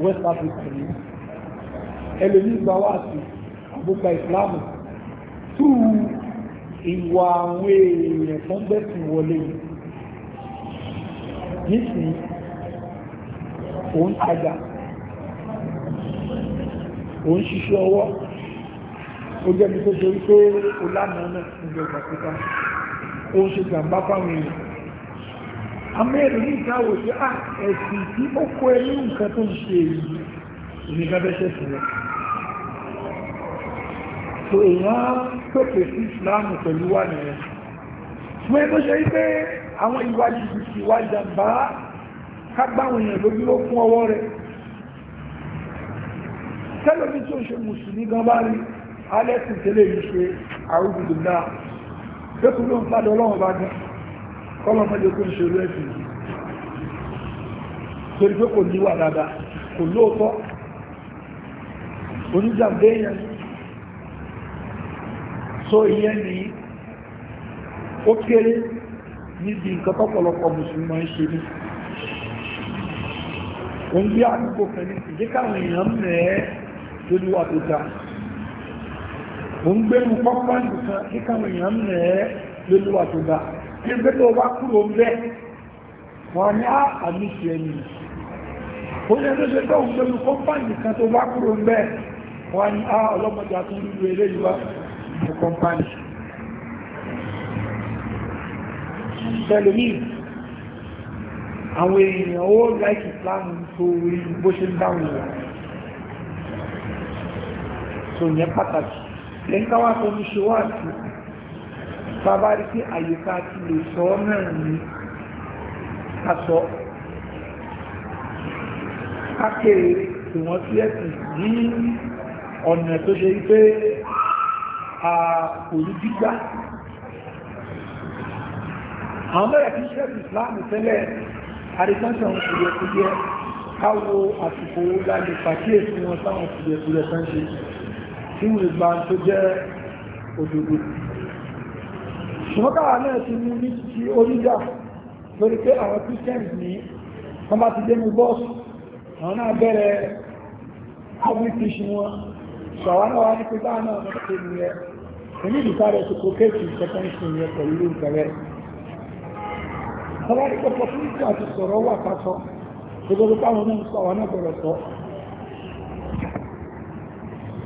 Speaker 1: West Africa ni ẹlòmí gba wá sí àgbógba ìsìláàmù tú ìwà àwọn èèyàn tó ń gbẹ̀sìn wọlé nísìnyí òun tajà òun ṣiṣẹ́ ọwọ́ ó jẹ́ bí tó ṣe rí pé ó lánàá náà níbi ọgbà pípa ó ń ṣe jàǹbá fáwọn èèyàn amẹ́rin ní ìdáwò sí à ẹ̀sìn tí ó kó ẹ ní nǹkan tó ń ṣe èyí ìrìnàbẹ́ṣẹ́ sí rẹ̀ so èèyàn pèpè sí ìsìláàmù pẹ̀lú wà nìyẹn fún ẹgbẹ́ ṣe wípé àwọn ìwà jìbìtì ìwà ìjàǹbá kágbáwọn èèyàn lójúló fún ọwọ́ rẹ̀ tẹ́lómi tó ṣe mùsùlùmí gan bá rí alẹ́sìn tẹ́lẹ̀ yìí ṣe àrùbùdùdá pẹ́kù ló ń padà ọlọ́run bá gan kọ́lọ́mọdé tó ń ṣe rú ẹ̀sìn yìí torí pé kò níwà dáadáa kò lóòótọ́ oníjàmbé yẹn so ìyẹn ni àdúgbò kan ní ìdíkàwọn mẹ́ẹ̀ẹ́ tó níwà tó dáa mo ń gbé mu pọ́pọ́ nìkan kí káwọn èèyàn ń nà ẹ́ ló níwà tó dáa kí n gbé tó bá kúrò ń bẹ́ wọn ní á àmì sí ẹni ó yẹ tó ṣe tó ń gbé mu pọ́pọ́ nìkan tó bá kúrò ń bẹ́ wọn ní á ah, ọlọ́mọdé àtúndú eléyìí wá ní pọ́pọ́ nìkan tẹ́lómí àwọn èèyàn ó láìkì láàrín tó rí bó ṣe ń dáhùn rẹ̀ tó yẹn pàtàkì lẹ́yìn káwá tó ní ṣe wá sí bàbá rí pé àyíká ti lè sọ ọ́ náà ní aṣọ kákèrè tí wọ́n ti ẹ̀sìn ní ọ̀nà tó ṣe pé àkòrí gbígbá àwọn bẹ̀rẹ̀ tí ṣẹ́bì islam tẹ́lẹ̀ àrísánsàn kùdìẹ̀kùdìẹ̀ káwo àsìkò ó gbá wọn sáwọn kùdìẹ̀kùdìẹ̀ sáńṣe tí wọ́n gba tó jẹ́ òdòdó ṣùgbọ́n náà ti mú ní ti oníjà lórí pé àwọn christians ní wọ́n bá ti dé mú bọ́ọ̀sù àwọn náà bẹ̀rẹ̀ public teaching wọn sọ àwọn náà wá ní pé báà náà wọ́n ti mú ẹ èmi ìdíkà rẹ̀